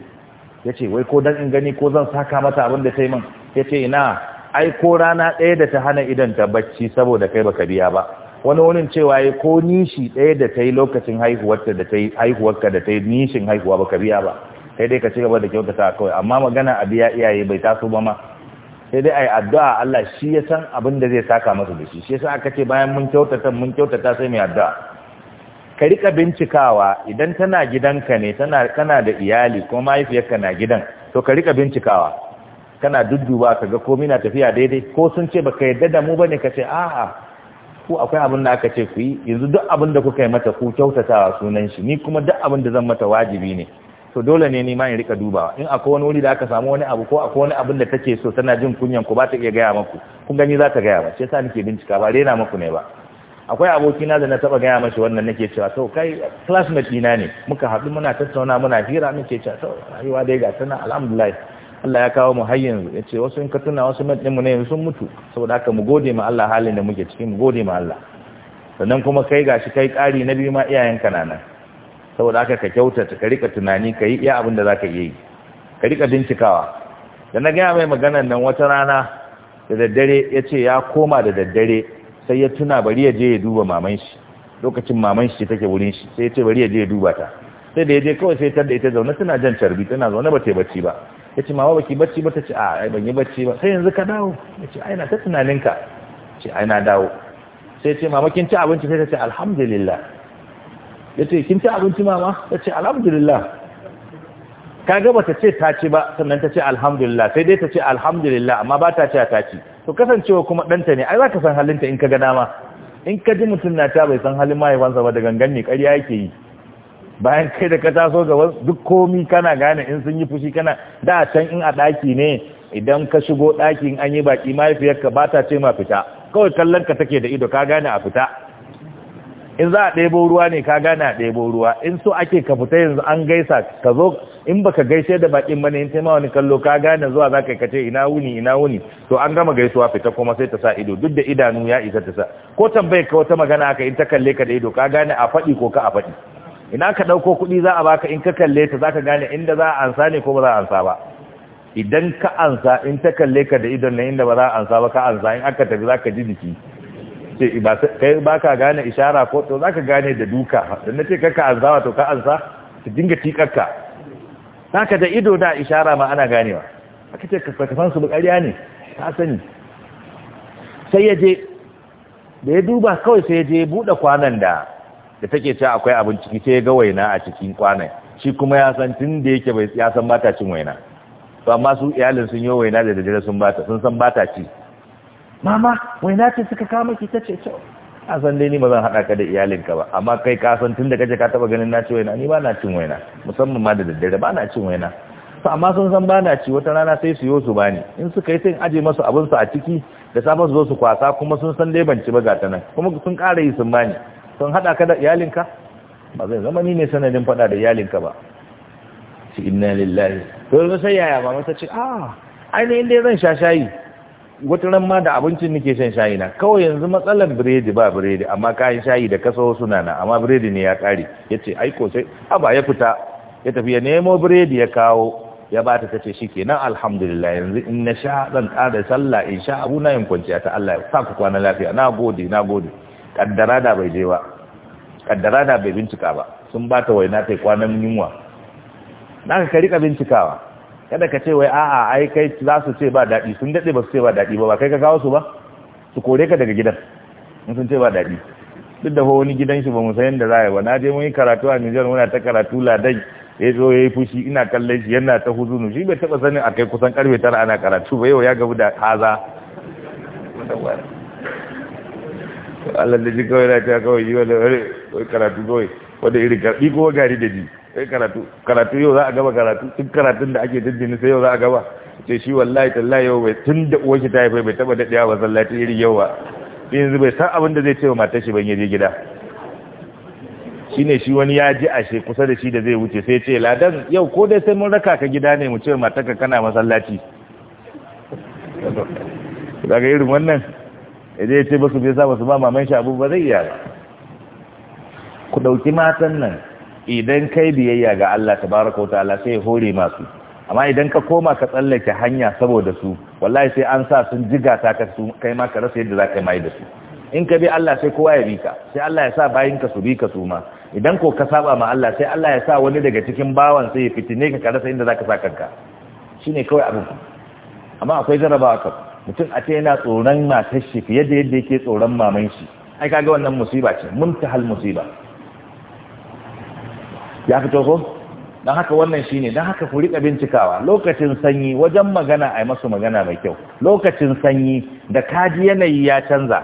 yace wai ko dan in gani ko zan saka mata abin da ta yi min yace ina ai ko rana ɗaya da ta hana idan ta bacci saboda kai baka biya ba wani wurin cewa ai ko nishi ɗaya da ta yi lokacin haihuwarka da ta yi haihuwarka da ta yi nishin haihuwa baka biya ba sai dai ka ci gaba da kyautata kawai amma magana a biya iyaye bai taso ba ma sai dai ai addu'a Allah shi ya san abin da zai saka masa da shi shi yasa aka ce bayan mun kyautata mun kyautata sai mai addu'a ka rika bincikawa idan tana gidanka ne tana kana da iyali ko mahaifiyarka na gidan to ka rika bincikawa kana dudduba ka ga komai na tafiya daidai ko sun ce baka yadda da mu bane ka ce a ku akwai abin da aka ce ku yi yanzu duk abin da kuka yi mata ku kyautata wa sunan shi ni kuma duk abin da zan mata wajibi ne to dole ne ni ma in rika dubawa in akwai wani wuri da aka samu wani abu ko akwai wani abin da take so tana jin kunyan ku ba ta iya gaya maku kun gani za ta gaya ba sai sa nake bincika ba rena maku ne ba akwai aboki na da na taba gaya mashi wannan nake cewa to kai classmate dina ne muka haɗu muna tattauna muna hira muke cewa to rayuwa dai ga tana alhamdulillah Allah ya kawo mu har yanzu ya ce wasu in ka tuna wasu matsin mu ne sun mutu saboda haka mu gode ma Allah halin da muke ciki mu gode ma Allah sannan kuma kai gashi kai ƙari na biyu ma iyayen nan saboda haka ka kyautata ka rika tunani ka yi iya abin da zaka iya yi ka rika bincikawa da na gaya mai maganar nan wata rana da daddare ya ya koma da daddare sai ya tuna bari ya je ya duba maman shi lokacin maman shi take wurin shi sai ya ce bari ya je ya duba ta sai da ya je kawai sai tar da ita zaune tana jan carbi tana zaune ba ta yi bacci ba ya ce mawa baki bacci ba ta ce a ban yi bacci ba sai yanzu ka dawo ya ce a'ina ta tunaninka ce aina dawo sai ce mama kin ci abinci sai ta ce alhamdulillah ya ce kin ci abinci mama ta ce alhamdulillah ka ga bata ce ta ci ba sannan ta ce alhamdulillah sai dai ta ce alhamdulillah amma ba ta ce ta ci to kasancewa kuma ɗanta ne ai za ka san halinta in ka ga dama in ka ji mutum na ta bai san halin mahaifansa ba da gangan ne ƙarya yake yi bayan kai da ka taso gaba duk komi kana gane in sun yi fushi kana da can in a daki ne idan ka shigo in an yi baki mahaifiyarka ba ta ce ma fita kawai kallon ka take da ido ka gane a fita in za a ɗebo ruwa ne ka gane a ɗebo ruwa in so ake ka fita yanzu an gaisa ka zo in baka gaishe da bakin bane in taima wani kallo ka gane zuwa za ka kace ina wuni ina wuni to an gama gaisuwa fita kuma sai ta sa ido duk da idanu ya isa ta sa ko tambayar ka wata magana aka in ta kalle ka da ido ka gane a faɗi ko ka a faɗi ina ka ɗauko kuɗi za a baka in ka kalle ta za ka gane inda za a ansa ne ko ba za a ansa ba idan ka ansa in ta kalle ka da idon na inda ba za a ansa ba ka ansa in aka tafi za ka ji jiki ce kai ba ka gane ishara ko to za ka gane da duka da nace ka kaka ansa wato ka ansa ki dinga tikakka za ka da ido da ishara ma ana ganewa aka ce ka san su bukariya ne ta sani sai yaje. da ya duba kawai sai yaje buɗe kwanan da da take cewa akwai abin ciki sai ya ga waina a cikin kwanan shi kuma ya san tun da yake bai ya san bata cin waina to amma su iyalin sun yi waina da daddare sun bata sun san bata ci mama waina ce suka kama ki tace to a san dai ni ba zan hada ka da iyalin ka ba amma kai ka san tun da kaje ka taba ganin na ci waina ni ba na cin waina musamman ma da daddare ba na cin waina to amma sun san ba na ci wata rana sai su yo su bani in suka yi sai aje masu abin su a ciki da safe su zo su kwasa kuma sun san dai ban ci ba ga ta nan kuma sun ƙara yi sun bani sun haɗa ka da iyalinka ba zai zama ni ne sanadin faɗa da iyalinka ba shi inna lillahi to yanzu sai yaya ba mata ce a ah, ainihin dai zan sha shayi wata ma da abincin nake shan shayi na kawai yanzu matsalar biredi ba biredi amma kayan shayi da kaso suna na amma biredi ne ya kare ya ai ko sai aba ya fita ya tafi ya nemo biredi ya kawo ya ba ta shi ce shikenan alhamdulillah yanzu in na sha zan kada sallah in sha abu na yin kwanciya ta Allah ya sa ku kwana lafiya na gode na gode kaddara da bai je ba kaddara da bai bincika ba sun ba ta waina ta kwanan yunwa na ka karika bincikawa kada ka ce wai a'a ai kai za su ce ba daɗi sun daɗe ba su ce ba daɗi ba ba kai ka kawo su ba su kore ka daga gidan in sun ce ba daɗi duk da wani gidan shi ba mu san yadda za a ba na je mun yi karatu a Nijar muna ta karatu ladan ya zo ya yi fushi ina kallon shi yana ta huzunu shi bai taɓa sanin a kai kusan karfe tara ana karatu ba yau ya gabu da haza Allah da ji kawai na ta kawai yi wani wani karatu kawai wadda irin karbi ko gari da ji sai karatu karatu yau za a gaba karatu duk karatun da ake jinjini sai yau za a gaba ce shi wallahi tallahi yau bai tun da uwar shi ta haifai bai taba daɗewa ba sallati irin yau ba yanzu bai san abin da zai ce wa matar shi ban yaje gida shine shi wani ya ji shi kusa da shi da zai wuce sai ce ladan yau ko dai sai mun raka ka gida ne mu ce matarka kana masallaci irin wannan idan ya ce ba su sa ba su ba maman shi abu ba zai iya ba ku ɗauki matan nan idan kai biyayya ga Allah ta wata Allah sai ya hore masu amma idan ka koma ka tsallake hanya saboda su wallahi sai an sa sun jiga ta ka su kai ma ka rasa yadda za ka mai da su in ka bi Allah sai kowa ya bi ka sai Allah ya sa bayin ka su bi ka su ma idan ko ka saba ma Allah sai Allah ya sa wani daga cikin bawan sai ya fitine ka ka rasa inda za ka sa kanka shine kawai abin amma akwai jarabawa ka mutum a ce yana tsoron matar fiye da yadda yake tsoron maman shi ai kaga wannan musiba ce Mun hal musiba ya fito ko dan haka wannan shine don haka ku rika bincikawa lokacin sanyi wajen magana ai masu magana mai kyau lokacin sanyi da kaji yanayi ya canza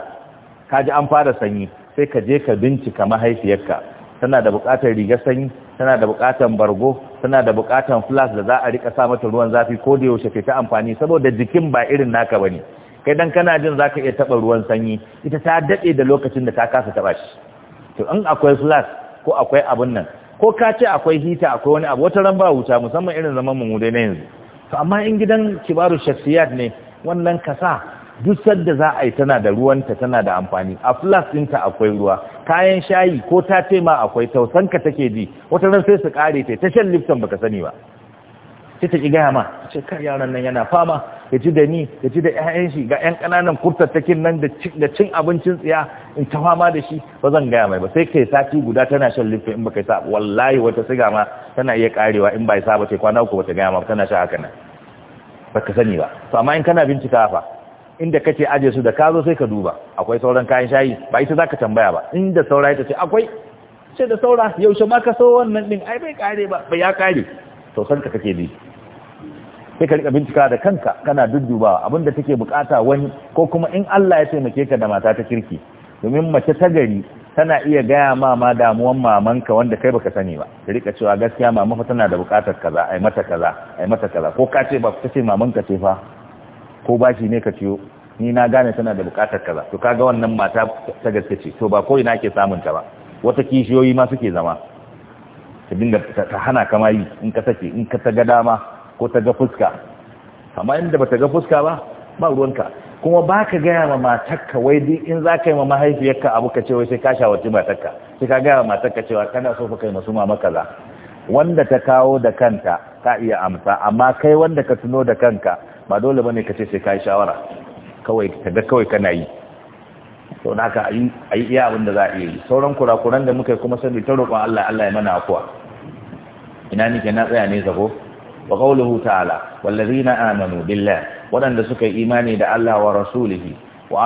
kaji an fara sanyi sai ka je ka bincika mahaifiyarka tana da buƙatar rigar sanyi tana da buƙatar bargo tana da buƙatar flask da za a rika sa mata ruwan zafi ko da yaushe ta amfani saboda jikin ba irin naka bane kai dan kana jin zaka iya taba ruwan sanyi ita ta dade da lokacin da ta kasa taba shi to in akwai flask ko akwai abun nan ko ka ce akwai hita akwai wani abu wata ran ba wuta musamman irin zaman mu dai na yanzu to amma in gidan kibaru shakhsiyat ne wannan kasa duk sadda za a yi tana da ruwanta tana da amfani a flask ɗinta akwai ruwa kayan shayi ko ta tema akwai tausanka take ji wata ran sai su kare ta ta shan lifton baka sani ba sai ta ki gaya ma ce kan yaran nan yana fama ya ji da ni ya ji da ƴaƴan shi ga ƴan ƙananan kurtattakin nan da cin abincin tsiya in ta fama da shi ba zan gaya mai ba sai kai sati guda tana shan lifton in baka sa wallahi wata siga ma tana iya karewa in ba ya ba ce kwana uku ta gaya ma tana sha haka nan baka sani ba to amma in kana bincika fa inda kace aje su da ka sai ka duba akwai sauran kayan shayi ba ita zaka tambaya ba inda saura ita ce akwai Sai da saura yaushe ma ka so wannan din ai bai kare ba bai ya kare to san ka kake bi sai ka rika bincika da kanka kana duddubawa abinda take bukata wani ko kuma in Allah ya taimake ka da mata ta kirki domin mace ta gari tana iya gaya ma ma damuwan mamanka wanda kai baka sani ba ka rika cewa gaskiya mama fa tana da bukatar kaza ai mata kaza ai mata kaza ko ka ce ba ka ce mamanka ce fa ko bashi ne ka ciyo ni na gane tana da bukatar kaza to kaga wannan mata ta gaske ce to ba ko ina ke samun ta ba wata kishiyoyi ma suke zama ta dinga ta hana kama yi in ka sake in ka ta ga dama ko ta ga fuska amma inda ba ta ga fuska ba ba ruwanka kuma ba ka gaya ma ka wai duk in za ka yi ma mahaifiyarka abu ka ce wai sai ka shawarci matarka sai ka gaya ma ka cewa kana so fa kai masu mama kaza wanda ta kawo da kanta ka iya amsa amma kai wanda ka tuno da kanka ba dole bane ka ce sai kai shawara kawai kaga kawai kana yi to naka ayi ayi iya abin da za a yi sauran kurakuran da muka kuma sani ta roƙon Allah Allah ya mana akuwa ina nike na tsaya ne zago wa qawluhu ta'ala wallazina amanu billahi wadanda suka yi imani da Allah wa rasulihi wa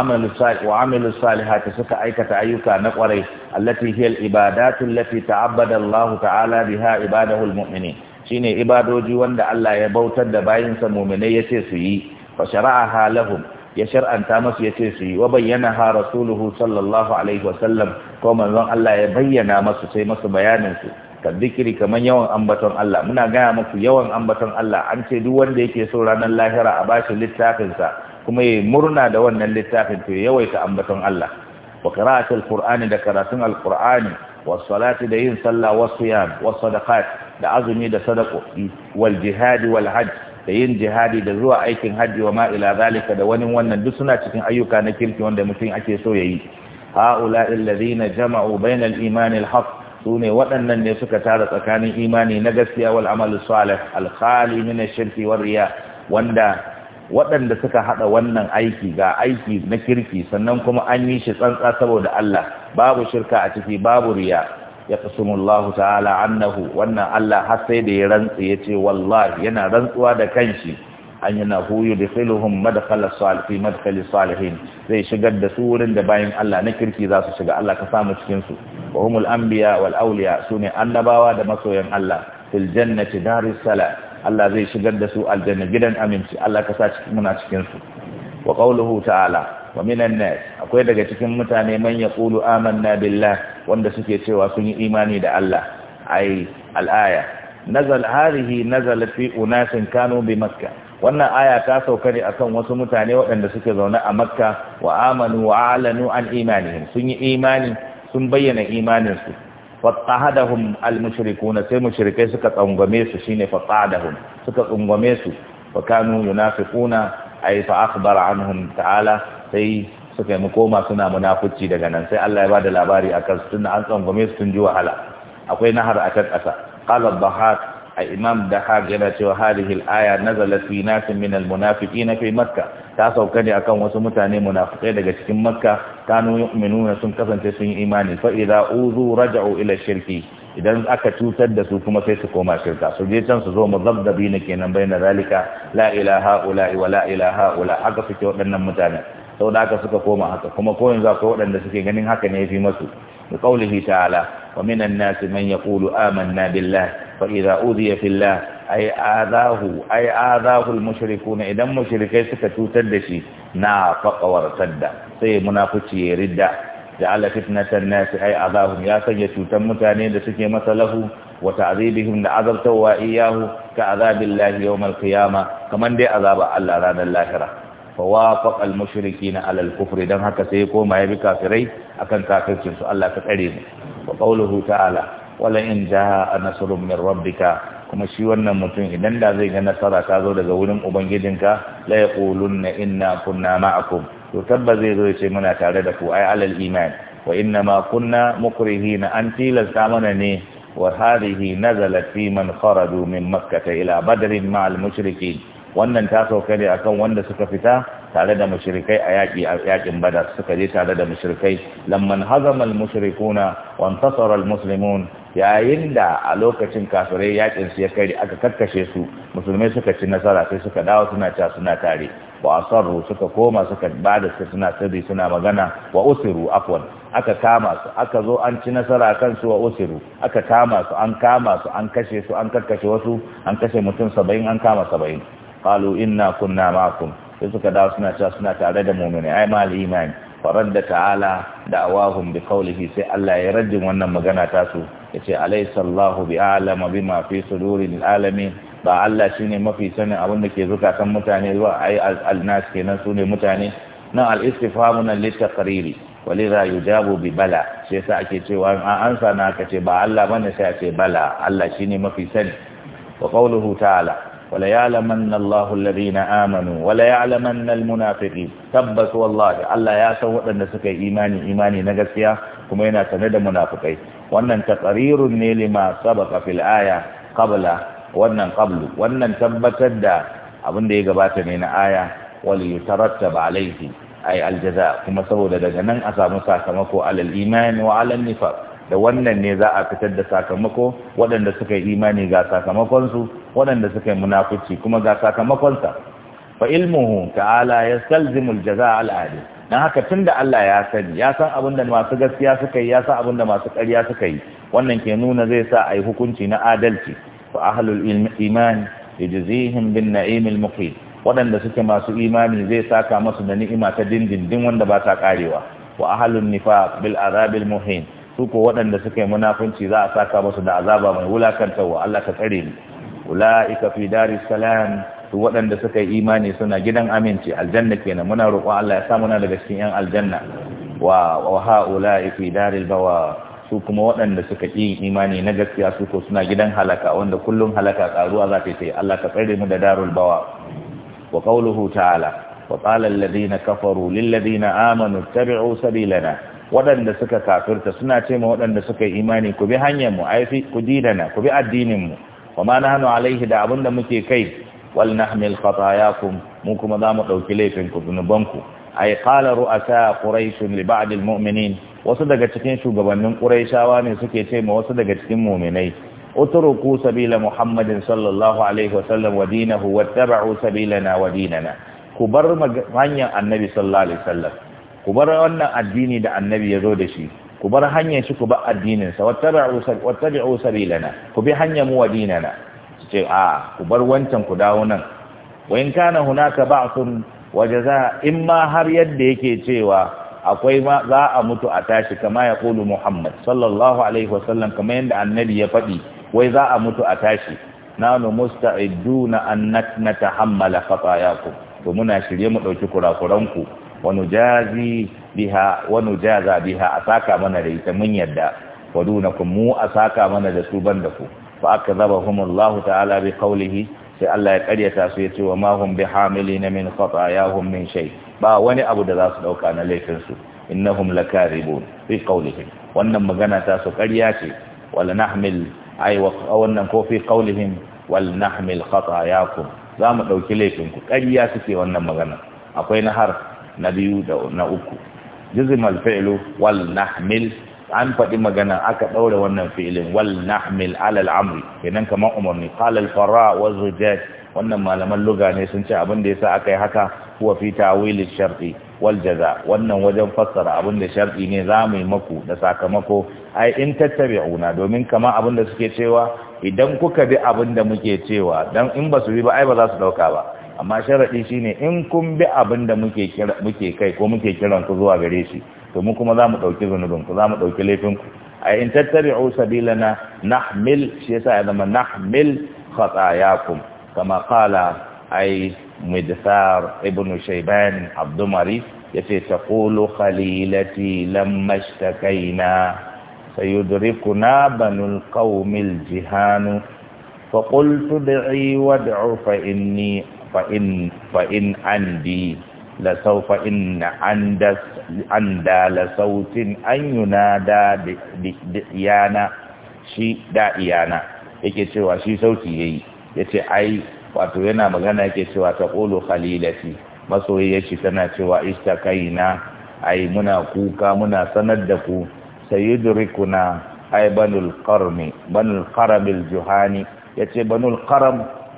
amilu salihati suka aikata ayyuka na kwarai a hiya al-ibadatu allati ta'abbada Allah ta'ala biha ibadahu al-mu'minin shine ibadoji wanda Allah ya bautar da bayinsa mu'minai yace su yi fa shara'aha lahum ya shar'anta masu yace su yi wa bayyana ha rasuluhu sallallahu alaihi wa sallam ko manzon Allah ya bayyana masu sai masu bayanin ka zikiri kamar yawan ambaton Allah muna gaya muku yawan ambaton Allah an ce duk wanda yake so ranar lahira a bashi littafinsa kuma yi murna da wannan littafin to yawaita ambaton Allah wa qira'atul da karatun alqur'ani was salati da yin sallah was siyam was sadaqat da azumi da sadaqo'i wal jihad wal hajj da yin jihadi da zuwa aikin hajji wa ma ila zalika da wani wannan duk suna cikin ayyuka na kirki wanda mutum ake so yayi ha'ula alladhina jama'u bainal imani al haqq sune waɗannan ne suka tara tsakanin imani na gaskiya wal amalu salih al khali min ash-shirki war riya wanda waɗanda suka haɗa wannan aiki ga aiki na kirki sannan kuma an yi shi tsantsa saboda Allah babu shirka a ciki babu riya ya ta'ala annahu wannan Allah har sai da ya rantsu ya ce wallahi yana rantsuwa da kanshi an yana hu yudkhiluhum madkhala salihin madkhali salihin zai shigar da su wurin da bayan Allah na kirki za su shiga Allah ka samu cikin su wa humul anbiya wal awliya sune annabawa da masoyan Allah fil jannati daris salam Allah zai shigar da su aljanna gidan aminci Allah ka sa muna cikin su wa qawluhu ta'ala wa minan nas akwai daga cikin mutane man yaqulu amanna billah wanda suke cewa sun yi imani da Allah ai al-aya nazal harihi nazal fi unasin kanu bi makkah wannan aya ta sauka ne akan wasu mutane waɗanda suke zaune a makka wa amanu wa alanu an imanihim sun yi imani sun bayyana imaninsu fattahadahum almushrikuna sai mushrikai suka tsangwame su shine fattahadahum suka tsangwame su fa kanu yunafiquna ay fa akhbara anhum ta'ala sai suka yi koma suna munafici daga nan sai Allah ya ba da labari akan su tunda an tsangwame su tun ji wahala akwai nahar akan ƙasa qala dhahak imam da haq yana cewa hadhihi al-aya nazalat fi nasin min al fi makka ta sauka ne akan wasu mutane munafikai daga cikin makka kanu yu'minuna sun kasance sun yi imani fa idza uzu raja'u ila shirki idan aka cutar da su kuma sai su koma shirka su je can su zo muzabdabi na kenan baina zalika la ilaha ula wa la ilaha ula haka suke mutane saboda haka suka koma haka kuma ko yanzu akwai waɗanda suke ganin haka ne ya fi masu bi qaulihi ta'ala wa minan nasi man yaqulu amanna billahi فإذا أوذي في الله أي آذاه أي آذاه المشركون إذا مشركي سكتوا تدشي نافق وارتد سي منافقي رد جعل فتنة الناس أي آذاهم يا سيتو تمتاني دسكي مثله وتعذيبهم لعذاب توائياه كعذاب الله يوم القيامة كمان دي عذاب الله رانا الآخرة فوافق المشركين على الكفر دم حتى سيكو ما يبي كافري أكن كافر سنسو الله كفرين وقوله تعالى wala in jaa nasrun min rabbika kuma shi wannan mutum idan da zai ga nasara ta zo daga wurin ubangijinka la yaqulunna inna kunna ma'akum to tabba zai zo ya ce muna tare da ku ai alal iman wa inna ma kunna mukrihina an tilasta mana ne wa hadhihi nazalat fi man kharaju min makkah ila badr ma'al mushrikin wannan ta sauka ne akan wanda suka fita tare da mushrikai a yaki a yakin badar suka je tare da mushrikai lamman hazama al-mushrikuna wa intasara al-muslimun yayin da a lokacin kafirai yakin su ya kare aka kakkashe su musulmai suka ci nasara sai suka dawo suna ta suna tare wa asarru suka koma suka bada su suna sirri suna magana wa usiru afwan aka kama su aka zo an ci nasara kan su wa usiru aka kama su an kama su an kashe su an kakkashe wasu an kashe mutum saba'in an kama saba'in qalu inna kunna ma'akum sai suka dawo suna cewa suna tare da mu'mini ai mal imani faradda ta'ala da'awahum bi qawlihi sai Allah ya raddin wannan magana ta su yace alaysa Allahu bi a'lama bima fi suduril alamin ba Allah shine mafi sani abin da ke zukatan mutane zuwa ai al-nas kenan su mutane na al-istifhamu na litaqriri walidha yujabu bi bala shi ake cewa an ansa na kace. ce ba Allah bane sai a bala Allah shine mafi sani wa qawluhu ta'ala wala ya'lamanna Allahu alladhina amanu wala ya'lamanna almunafiqin tabbas wallahi Allah ya san waɗanda suka yi imani imani na gaskiya kuma yana sane da munafikai wannan taqrirun ne lima sabaqa fil aya qabla wannan wannan tabbatar da abin da ya gabata ne na aya wal yutarattab alayhi ay aljaza kuma saboda daga nan a samu sakamako alal imani wa alal da wannan ne za a fitar da sakamako waɗanda suka yi imani ga sakamakonsu waɗanda suka yi munafici kuma ga sakamakonsa fa ilmuhu ta'ala yastalzimu aljazaa al'adil dan haka tunda Allah ya sani ya san abin da masu gaskiya suka yi ya san abin da masu ƙarya suka yi wannan ke nuna zai sa ayi hukunci na adalci fa ahlul iman yajzihim bin na'im almuqim waɗanda suke masu imani zai saka masu da ni'ima ta dindindin wanda ba ta karewa wa ahlun nifaq bil azabil muhin su ko waɗanda suka yi munafunci za a saka masu da azaba mai wulakantarwa Allah ka tsare mu ula'ika fi daris salam waɗanda suka yi imani suna gidan aminci aljanna kenan muna roƙon Allah ya sa muna daga cikin yan aljanna wa wa ha'ula'i fi daril bawa su kuma waɗanda suka yi imani na gaskiya su ko suna gidan halaka wanda kullum halaka karuwa za ta yi Allah ka tsare mu da darul bawa wa qawluhu ta'ala wa qala alladhina kafaru lil ladina amanu tabi'u sabilana waɗanda suka kafirta suna ce ma waɗanda suka yi imani ku bi hanyar mu ai ku dinana ku bi addinin mu wa ma nahnu alaihi da abinda muke kai wal nahmil khatayakum mu kuma zamu ɗauki dauki laifin ku zunubanku ay qala ru'asa quraish li ba'd al mu'minin wasu daga cikin shugabannin quraishawa ne suke ce ma wasu daga cikin mu'minai utruku sabila muhammadin sallallahu alaihi wa wa dinahu wattaba'u sabilana wa dinana ku bar hanyar annabi sallallahu alaihi wasallam ku bar wannan addini da annabi ya zo da shi ku bar hanyar shi ku bar addinin sa wattabi'u sabilana ku bi hanyar mu na? ce a ku bar wancan ku dawo nan wa in kana hunaka ba'thun wa za? in ma har yadda yake cewa akwai ma za a mutu a tashi kama ya kulu Muhammad sallallahu alaihi wasallam kama yadda annabi ya faɗi wai za a mutu a tashi nanu musta'iduna an natahammala khatayakum to muna shirye mu dauki kurakuranku wa nujazi biha wani jaza biha a saka mana da ita mun yadda wa dunakum mu saka mana da su banda ku fa akzabahumullahu ta'ala bi qawlihi sai Allah ya karyata su ya ce wa ma hum na min khatayahum min shai. ba wani abu da za su ɗauka na laifin su innahum lakaribun fi qawlihim wannan magana ta su karya ce wal nahmil ay wannan ko fi qawlihim wal nahmil khatayakum za mu ɗauki laifin ku karya suke wannan magana akwai har na biyu da na uku jizmal fi'lu wal nahmil an faɗi magana aka ɗaure wannan fi'ilin wal nahmil alal amri kenan kamar umarni qala al farra wa zujaj wannan malaman luga ne sun ce abin da yasa aka yi haka huwa fi tawil sharti wal jaza wannan wajen fassara abin da sharti ne za mu yi maku da sakamako ai in tattabi'una domin kamar abin da suke cewa idan kuka bi abin da muke cewa dan in basu bi ba ai ba za su dauka ba amma sharaɗi shine in kun bi abin da muke kai ko muke kiran ku zuwa gare shi to mu kuma za mu ɗauki zunubin ku za mu ɗauki laifin ku a in sabila na nahmil shi yasa ya zama nahmil khatayakum kama qala ai midthar ibn ya abdumari ta kulu khalilati lamma ishtakaina sayudrikuna banul qaumil jihanu فقلت da وادع inni. fa'in andi la saufa inna andas anda la sautin an da iyana shi da iyana yake cewa shi sauti yayi yace ai wato yana magana yake cewa taqulu khalilati masoyiyar shi tana cewa kaina ai muna kuka muna sanar da ku sayidrikuna ai banul qarmi banul qaram al juhani yace banul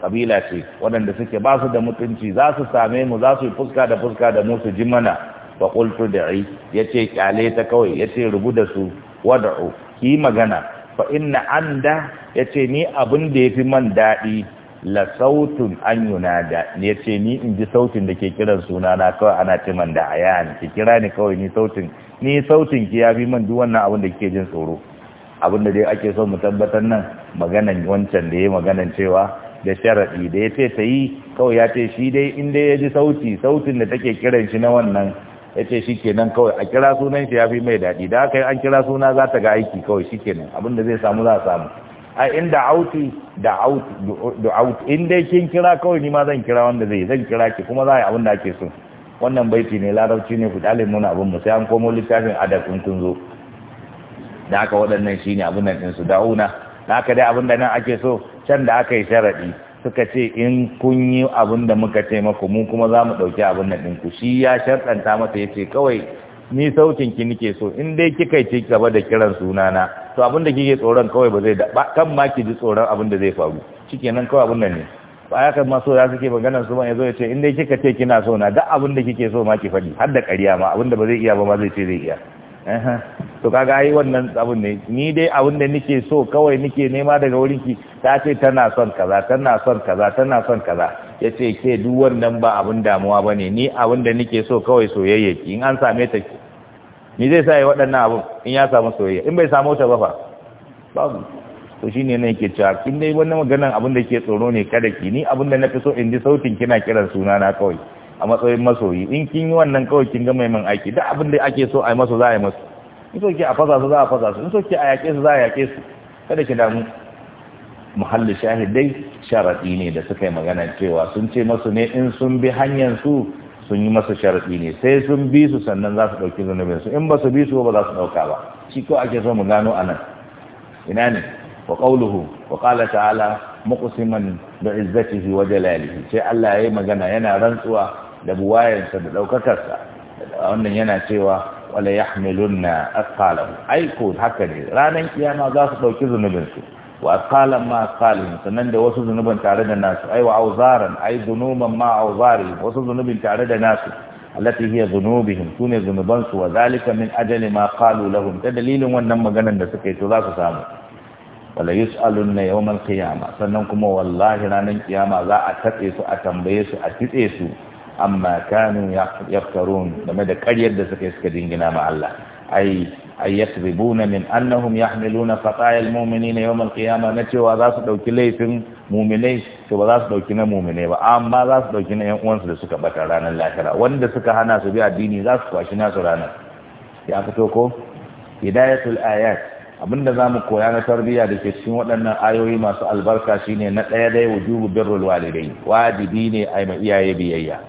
kabila ce waɗanda suke ba su da mutunci za su same mu za su yi fuska da fuska da mu su ji mana da qultu ya yace kyale ta kawai ya ce rubu da su wada'u ki magana fa inna anda ce ni abin da ya fi man daɗi la sautun an ya yace ni in ji sautin da ke kiran sunana kawai ana ce man da ayan ki kira ni kawai ni sautin ni sautin ki yafi man duk wannan abin da kike jin tsoro abin da dai ake so mu tabbatar nan maganan wancan da yayi maganan cewa da sharaɗi da ya ce ta yi kawai ya ce shi dai in dai ya ji sauti sautin da take kiran shi na wannan ya ce shi kenan kawai a kira sunan shi ya fi mai daɗi da aka yi an kira suna za ta ga aiki kawai shi kenan abinda zai samu za a samu a inda auti da auti in dai kin kira kawai ni ma zan kira wanda zai zan kira ki kuma za a yi abin da ake so wannan baiti ne larabci ne ku dalin nuna abin mu sai an komo littafin adab in kun zo da haka waɗannan shi ne abin nan ɗinsu da'una da aka dai abin nan ake so can da aka yi sharaɗi suka ce in kun yi abin da muka ce maku mu kuma za mu ɗauki abin da ɗinku shi ya sharɗanta masa ya ce kawai ni sautin ki nike so in dai kika ci gaba da kiran sunana to abin da kike tsoron kawai ba zai da kan ma ki ji tsoron abin da zai faru shikenan kawai abin nan ne ba ya kan maso ya suke magana su ma yazo ya ce in dai kika ce kina so na duk abin da kike so ma ki faɗi har da ƙarya ma abin da ba zai iya ba ma zai ce zai iya to kaga yi wannan abun ne ni dai abun da nake so kawai nake nema daga wurin ki ta ce tana son kaza tana son kaza tana son kaza ya ce ke duk wannan ba abun damuwa bane ni abun da nake so kawai soyayya ki in an same ta ki ni zai sa yi waɗannan abun in ya samu soyayya in bai samu ta ba fa babu to shine ne yake cewa kin dai wannan maganan abun da ke tsoro ne kada ki ni abun da nake so in ji sautin kina kiran sunana kawai a matsayin masoyi in kin yi wannan kawai kin ga mai man aiki duk abin da ake so a yi masu za a yi masu in so ke a fasa su za a fasa su in so ke a yaƙe su za a yaƙe su kada ki damu muhalli shahidai sharaɗi ne da suka yi magana cewa sun ce masu ne in sun bi hanyar su sun yi masa sharaɗi ne sai sun bi su sannan za su ɗauki zunubin su in ba su bi su ba za su ɗauka ba shi ko ake so mu gano anan ina ne wa qawluhu wa qala ta'ala muqsiman bi izzatihi wa jalalihi sai Allah yayi magana yana rantsuwa da buwayensa da ɗaukakarsa wannan yana cewa wala yahmilunna asqalahu aiko haka ne ranar kiyama za su ɗauki zunubinsu wa asqalan ma asqalin sannan da wasu zunubin tare da nasu ai wa auzaran ai zunuban ma auzari wasu zunubin tare da nasu allati hiya zunubihim sune zunubansu wa zalika min ajali ma qalu lahum ta dalilin wannan maganar da suka yi to za su samu wala yus'alunna yawmal qiyama sannan kuma wallahi ranar kiyama za a tatse su a tambaye su a kitse su amma kanu yaftarun game da karyar da suka suka dingina ma Allah ai ay yakzibuna min annahum yahmiluna fataya almu'minina yawm alqiyama na cewa za su dauki laifin mu'minai to ba za su dauki na mu'minai ba amma za su dauki na yan uwansu da suka bata ranar lahira wanda suka hana su bi addini za su kwashi nasu ranar ya fito ko hidayatul ayat abinda zamu koya na tarbiyya da ke cikin waɗannan ayoyi masu albarka shine na ɗaya dai wujubu birrul walidai wajibi ne ai ma iyaye biyayya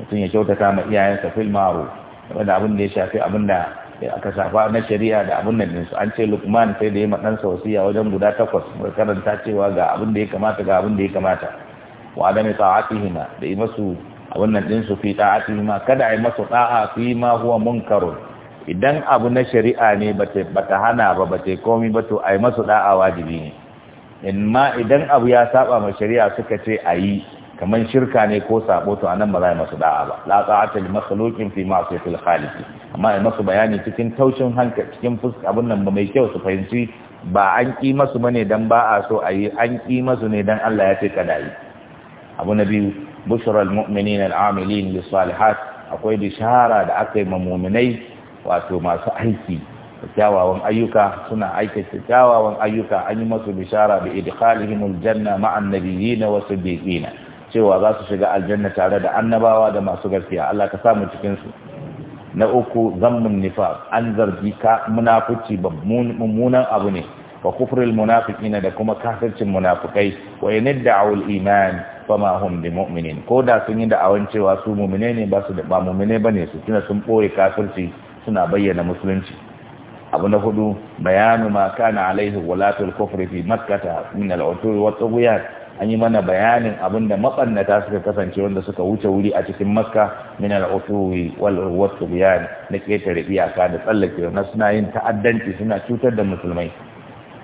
mutum ya kyautata ma iyayensa fil ma'ruf wanda abin da ya shafi abin da aka shafa na shari'a da abin nan su an ce lukman sai da ya ma ɗansa wasiya wajen guda takwas mai karanta cewa ga abin da ya kamata ga abin da ya kamata wa adami ta'atihima da yi masu abin nan ɗinsu fi ta'atihima kada a yi masu ɗa'a fi ma huwa munkarun idan abu na shari'a ne ba ta hana ba ba ta komi ba to a yi masu ɗa'a wajibi ne in ma idan abu ya saba ma shari'a suka ce a yi kamar shirka ne ko sabo to anan ba za a masu da'a ba la ta'ata li makhluqin fi ma'siyatil khaliq amma ai masu bayani cikin taushin hanka cikin fuska abun nan ba mai kyau su fahimci ba an ki masu bane dan ba a so ayi an ki masu ne dan Allah ya ce kada yi abu na biyu bushra al mu'minin al amilin salihat akwai bishara da aka yi ma mu'minai wato masu aiki kyawawan ayyuka suna aikata kyawawan ayyuka an yi masu bishara bi idkhalihim al janna ma'an nabiyyin wa siddiqin cewa za su shiga aljanna tare da annabawa da masu gaskiya Allah ka samu cikin su na uku zammun nifaq an zargi ka munafici mummunan abu ne wa kufrul munafiqina da kuma kafircin munafikai wa yanadda'u al-iman fama hum mu'minin ko da sun yi da'awan cewa su mu'mine ne ba su da ba mu'mine bane su tuna sun ɓoye kafirci suna bayyana musulunci abu na hudu bayanu ma kana alaihi walatul kufri fi makkah min al-utul wa an yi mana bayanin abin da matsannata suka kasance wanda suka wuce wuri a cikin makka min al wal wasu biyan na ketare iyaka da tsallake na suna yin ta'addanci suna cutar da musulmai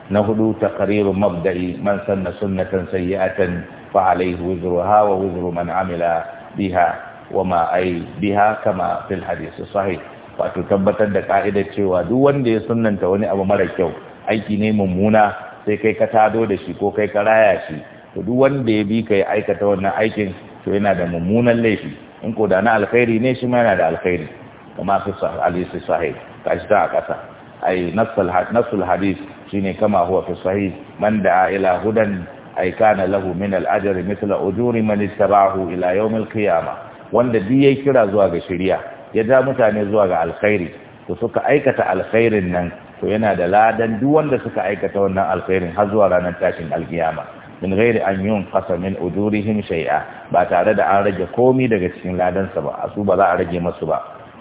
na hudu ta taqriru mabda'i man sanna sunnatan sayyi'atan fa alayhi wizruha wa wizru man amila biha wa ma ai biha kama fil hadith sahih wato tabbatar da ka'idar cewa duk wanda ya sunnanta wani abu mara kyau aiki ne mummuna sai kai ka tado da shi ko kai ka raya shi to duk wanda ya bi ka ya aikata wannan aikin to yana da mummunan laifi in ko da na alkhairi ne shi ma yana da alkhairi kama fi alisi sahih kashi ta a ƙasa ai nasul hadis shine kama huwa fi sahih man da ila hudan ai kana lahu min al-ajr mithla ujuri man ittaba'ahu ila yawm al-qiyamah wanda bi yayi kira zuwa ga shari'a ya ja mutane zuwa ga alkhairi to suka aikata alkhairin nan to yana da ladan duk wanda suka aikata wannan alkhairin har zuwa ranar tashin alkiyama min ghairi an yunqasa min ujurihim ba tare da an rage komi daga cikin ladansa ba a su ba za a rage masu ba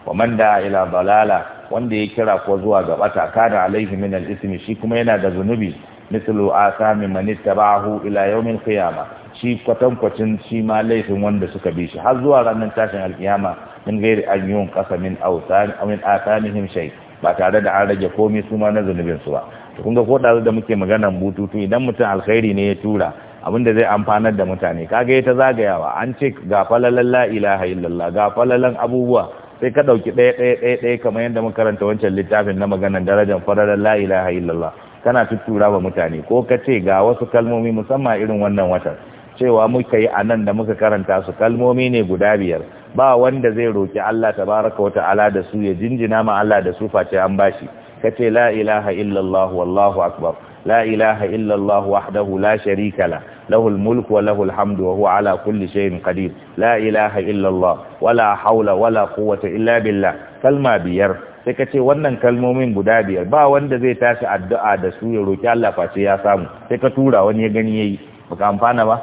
wa man da ila balala wanda ya kira ko zuwa ga bata a alaihi min al-ismi shi kuma yana da zunubi mislu asami man ittaba'ahu ila yawmin qiyamah shi kwatankwacin shi ma laifin wanda suka bi shi har zuwa ranar tashin alkiyama min gairi an yun qasa awsan min ba tare da an rage komi su ma na zunubin su ba Kunga ko dazu da muke maganan bututu idan mutum alkhairi ne ya tura abin da zai amfanar da mutane kaga ya ta zagayawa an ce ga falalan la ilaha illallah ga falalan abubuwa sai ka dauki ɗaya ɗaya ɗaya ɗaya kamar yadda muka karanta wancan littafin na maganan darajar falalan la ilaha illallah kana tuttura wa mutane ko ka ce ga wasu kalmomi musamman irin wannan watan cewa muka yi anan da muka karanta su kalmomi ne guda biyar ba wanda zai roki Allah tabaraka wa ta'ala da su ya jinjina ma Allah da su face an bashi kace la ilaha illallah wallahu akbar la ilaha illallah wahdahu la sharika la lahul mulku wa lahul hamdu wa huwa ala kulli shay'in qadir la ilaha illallah wala hawla wala quwwata illa billah kalma biyar sai kace wannan kalmomin guda biyar ba wanda zai tashi addu'a da su ya roki Allah face ya samu sai ka tura wani ya gani yayi baka amfana ba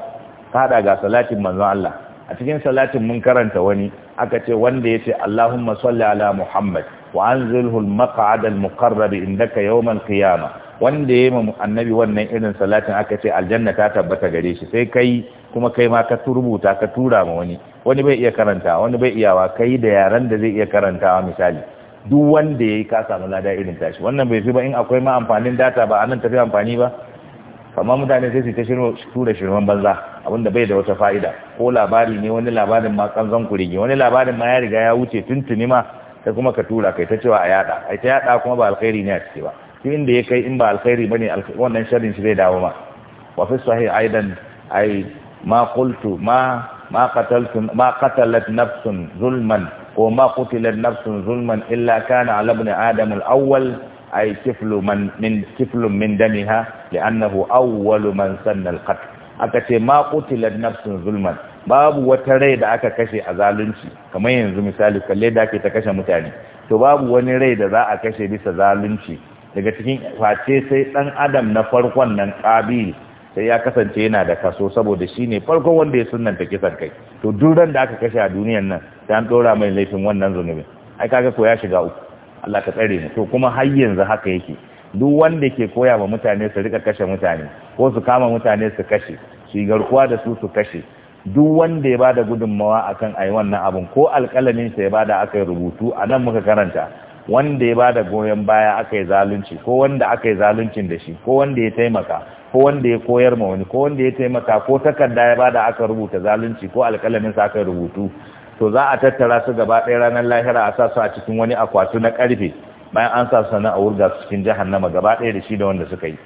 ka ga salatin manzon Allah a cikin salatin mun karanta wani aka ce wanda yace Allahumma salli ala Muhammad wa anzilhu al-maq'ad al-muqarrab indaka wanda ya yi annabi wannan irin salatin aka ce aljanna ta tabbata gare shi sai kai kuma kai ma ka rubuta ka tura ma wani wani bai iya karanta wani bai iyawa kai da yaran da zai iya karantawa misali duk wanda ya yi ka samu lada irin tashi wannan bai fi ba in akwai ma amfanin data ba anan tafi amfani ba amma mutane sai su ta tura shirman banza da bai da wata fa'ida ko labari ne wani labarin ma kanzon kurege wani labarin ma ya riga ya wuce tuntuni ma sai kuma ka tura kai ta cewa a yada ai ta yada kuma ba alkhairi ne a ciki ba duk inda ya kai in ba alkhairi bane wannan sharrin shi zai dawo ma wa fi sahih aidan ai ma qultu ma ma qataltum ma qatalat nafsun zulman ko ma qutilat nafsun zulman illa kana ala ibn adam al-awwal ay kiflu man min kiflun min damiha li'annahu awwalu man sanna al-qatl aka ce ma qutilat nafsun zulman babu wata rai da aka kashe a zalunci kamar yanzu misali kalle da ake ta kashe mutane to babu wani rai da za a kashe bisa zalunci daga cikin face sai dan adam na farkon nan kabil sai ya kasance yana da kaso saboda shi ne farkon wanda ya sunnanta kisan kai to duk ran da aka kashe a duniyan nan sai an dora mai laifin wannan zunubi ai kaga ko ya shiga uku Allah ka tsare mu to kuma har yanzu haka yake duk wanda ke koya wa mutane su rika kashe mutane ko su kama mutane su kashe shi garkuwa da su su kashe duk wanda ya bada gudunmawa akan ayi wannan abun ko alƙalamin sa ya bada aka rubutu a nan muka karanta wanda ya bada goyon baya aka yi zalunci ko wanda aka yi zaluncin da shi ko wanda ya taimaka ko wanda ya koyar ma wani ko wanda ya taimaka ko takarda ya bada aka rubuta zalunci ko alƙalamin sa aka rubutu to za a tattara su gaba ɗaya ranar lahira a sa su a cikin wani akwatu na ƙarfe bayan an sa su na a wurga su cikin nama gaba ɗaya da shi da wanda suka yi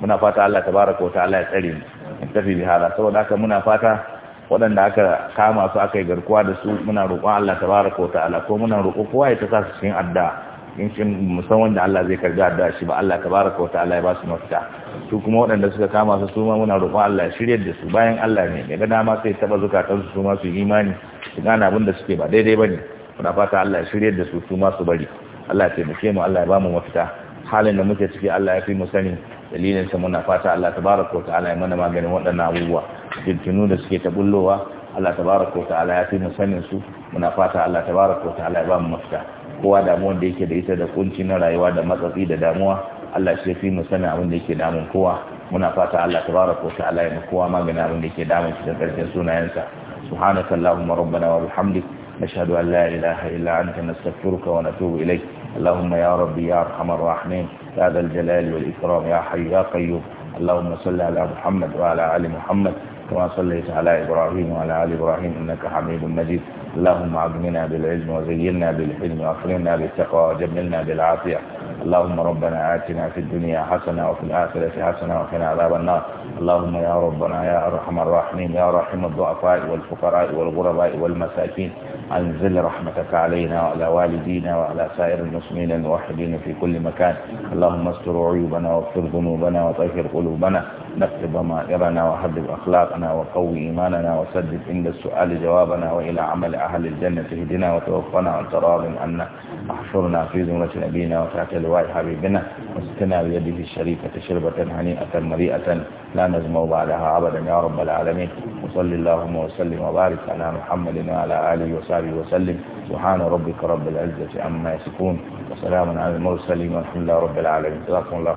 muna fata Allah tabaraka wa ta'ala ya tsare mu in tafi bihara saboda haka muna fata waɗanda aka kama su aka yi garkuwa da su muna roƙon Allah ta baraka wa ta'ala ko muna roƙo kowa ya ta sa su cikin adda in cin musamman da Allah zai karbi adda shi ba Allah baraka wa ta'ala ya ba su mafita su kuma waɗanda suka kama su su ma muna roƙon Allah ya shirya da su bayan Allah ne ya ga dama sai taba zukatan su su ma su imani su gane abin da suke ba daidai bane muna fata Allah ya shirya da su su ma su bari Allah ya taimake mu Allah ya ba mu mafita halin da muke ciki Allah ya fi mu sani dalilin sa muna fata Allah tabaraka wa ya mana maganin waɗannan abubuwa fitinu da suke ta bullowa Allah tabaraka wa ta'ala ya fi mu sanin su muna fata Allah tabaraka wa ya ba mu mafita kowa damuwar da yake da ita da kunci na rayuwa da matsatsi da damuwa Allah shi fi mu sanin abin da yake damun kowa muna fata Allah tabaraka wa ta'ala ya kowa maganin abin da yake damun shi da karshen sunayensa subhanakallahumma rabbana wa bihamdika نشهد أن لا إله إلا أنت نستغفرك ونتوب إليك اللهم يا ربي يا أرحم الراحمين يا ذا الجلال والإكرام يا حي يا قيوم اللهم صل على محمد وعلى آل محمد كما صليت على إبراهيم وعلى آل إبراهيم إنك حميد مجيد اللهم أغننا بالعلم وزينا بالحلم وأكرمنا بالتقوى وجملنا بالعافية اللهم ربنا آتنا في الدنيا حسنة وفي الآخرة حسنة وقنا عذاب النار اللهم يا ربنا يا أرحم الراحمين يا رحم الضعفاء والفقراء والغرباء والمساكين أنزل رحمتك علينا وعلى والدينا وعلى سائر المسلمين الموحدين في كل مكان اللهم استر عيوبنا واغفر ذنوبنا وطهر قلوبنا نقض ضمائرنا وحبب أخلاقنا وقوي إيماننا وسدد عند السؤال جوابنا وإلى عمل أهل الجنة اهدنا وتوفنا عن تراض عنا احشرنا في زمرة نبينا وفاك لواء حبيبنا واسقنا بيده الشريفة شربة هنيئة مريئة لا نزمع بعدها أبدا يا رب العالمين وصل اللهم وسلم وبارك على محمد وعلى آله وصحبه وسلم سبحان ربك رب العزة عما يسكون وسلام على المرسلين والحمد لله رب العالمين جزاكم الله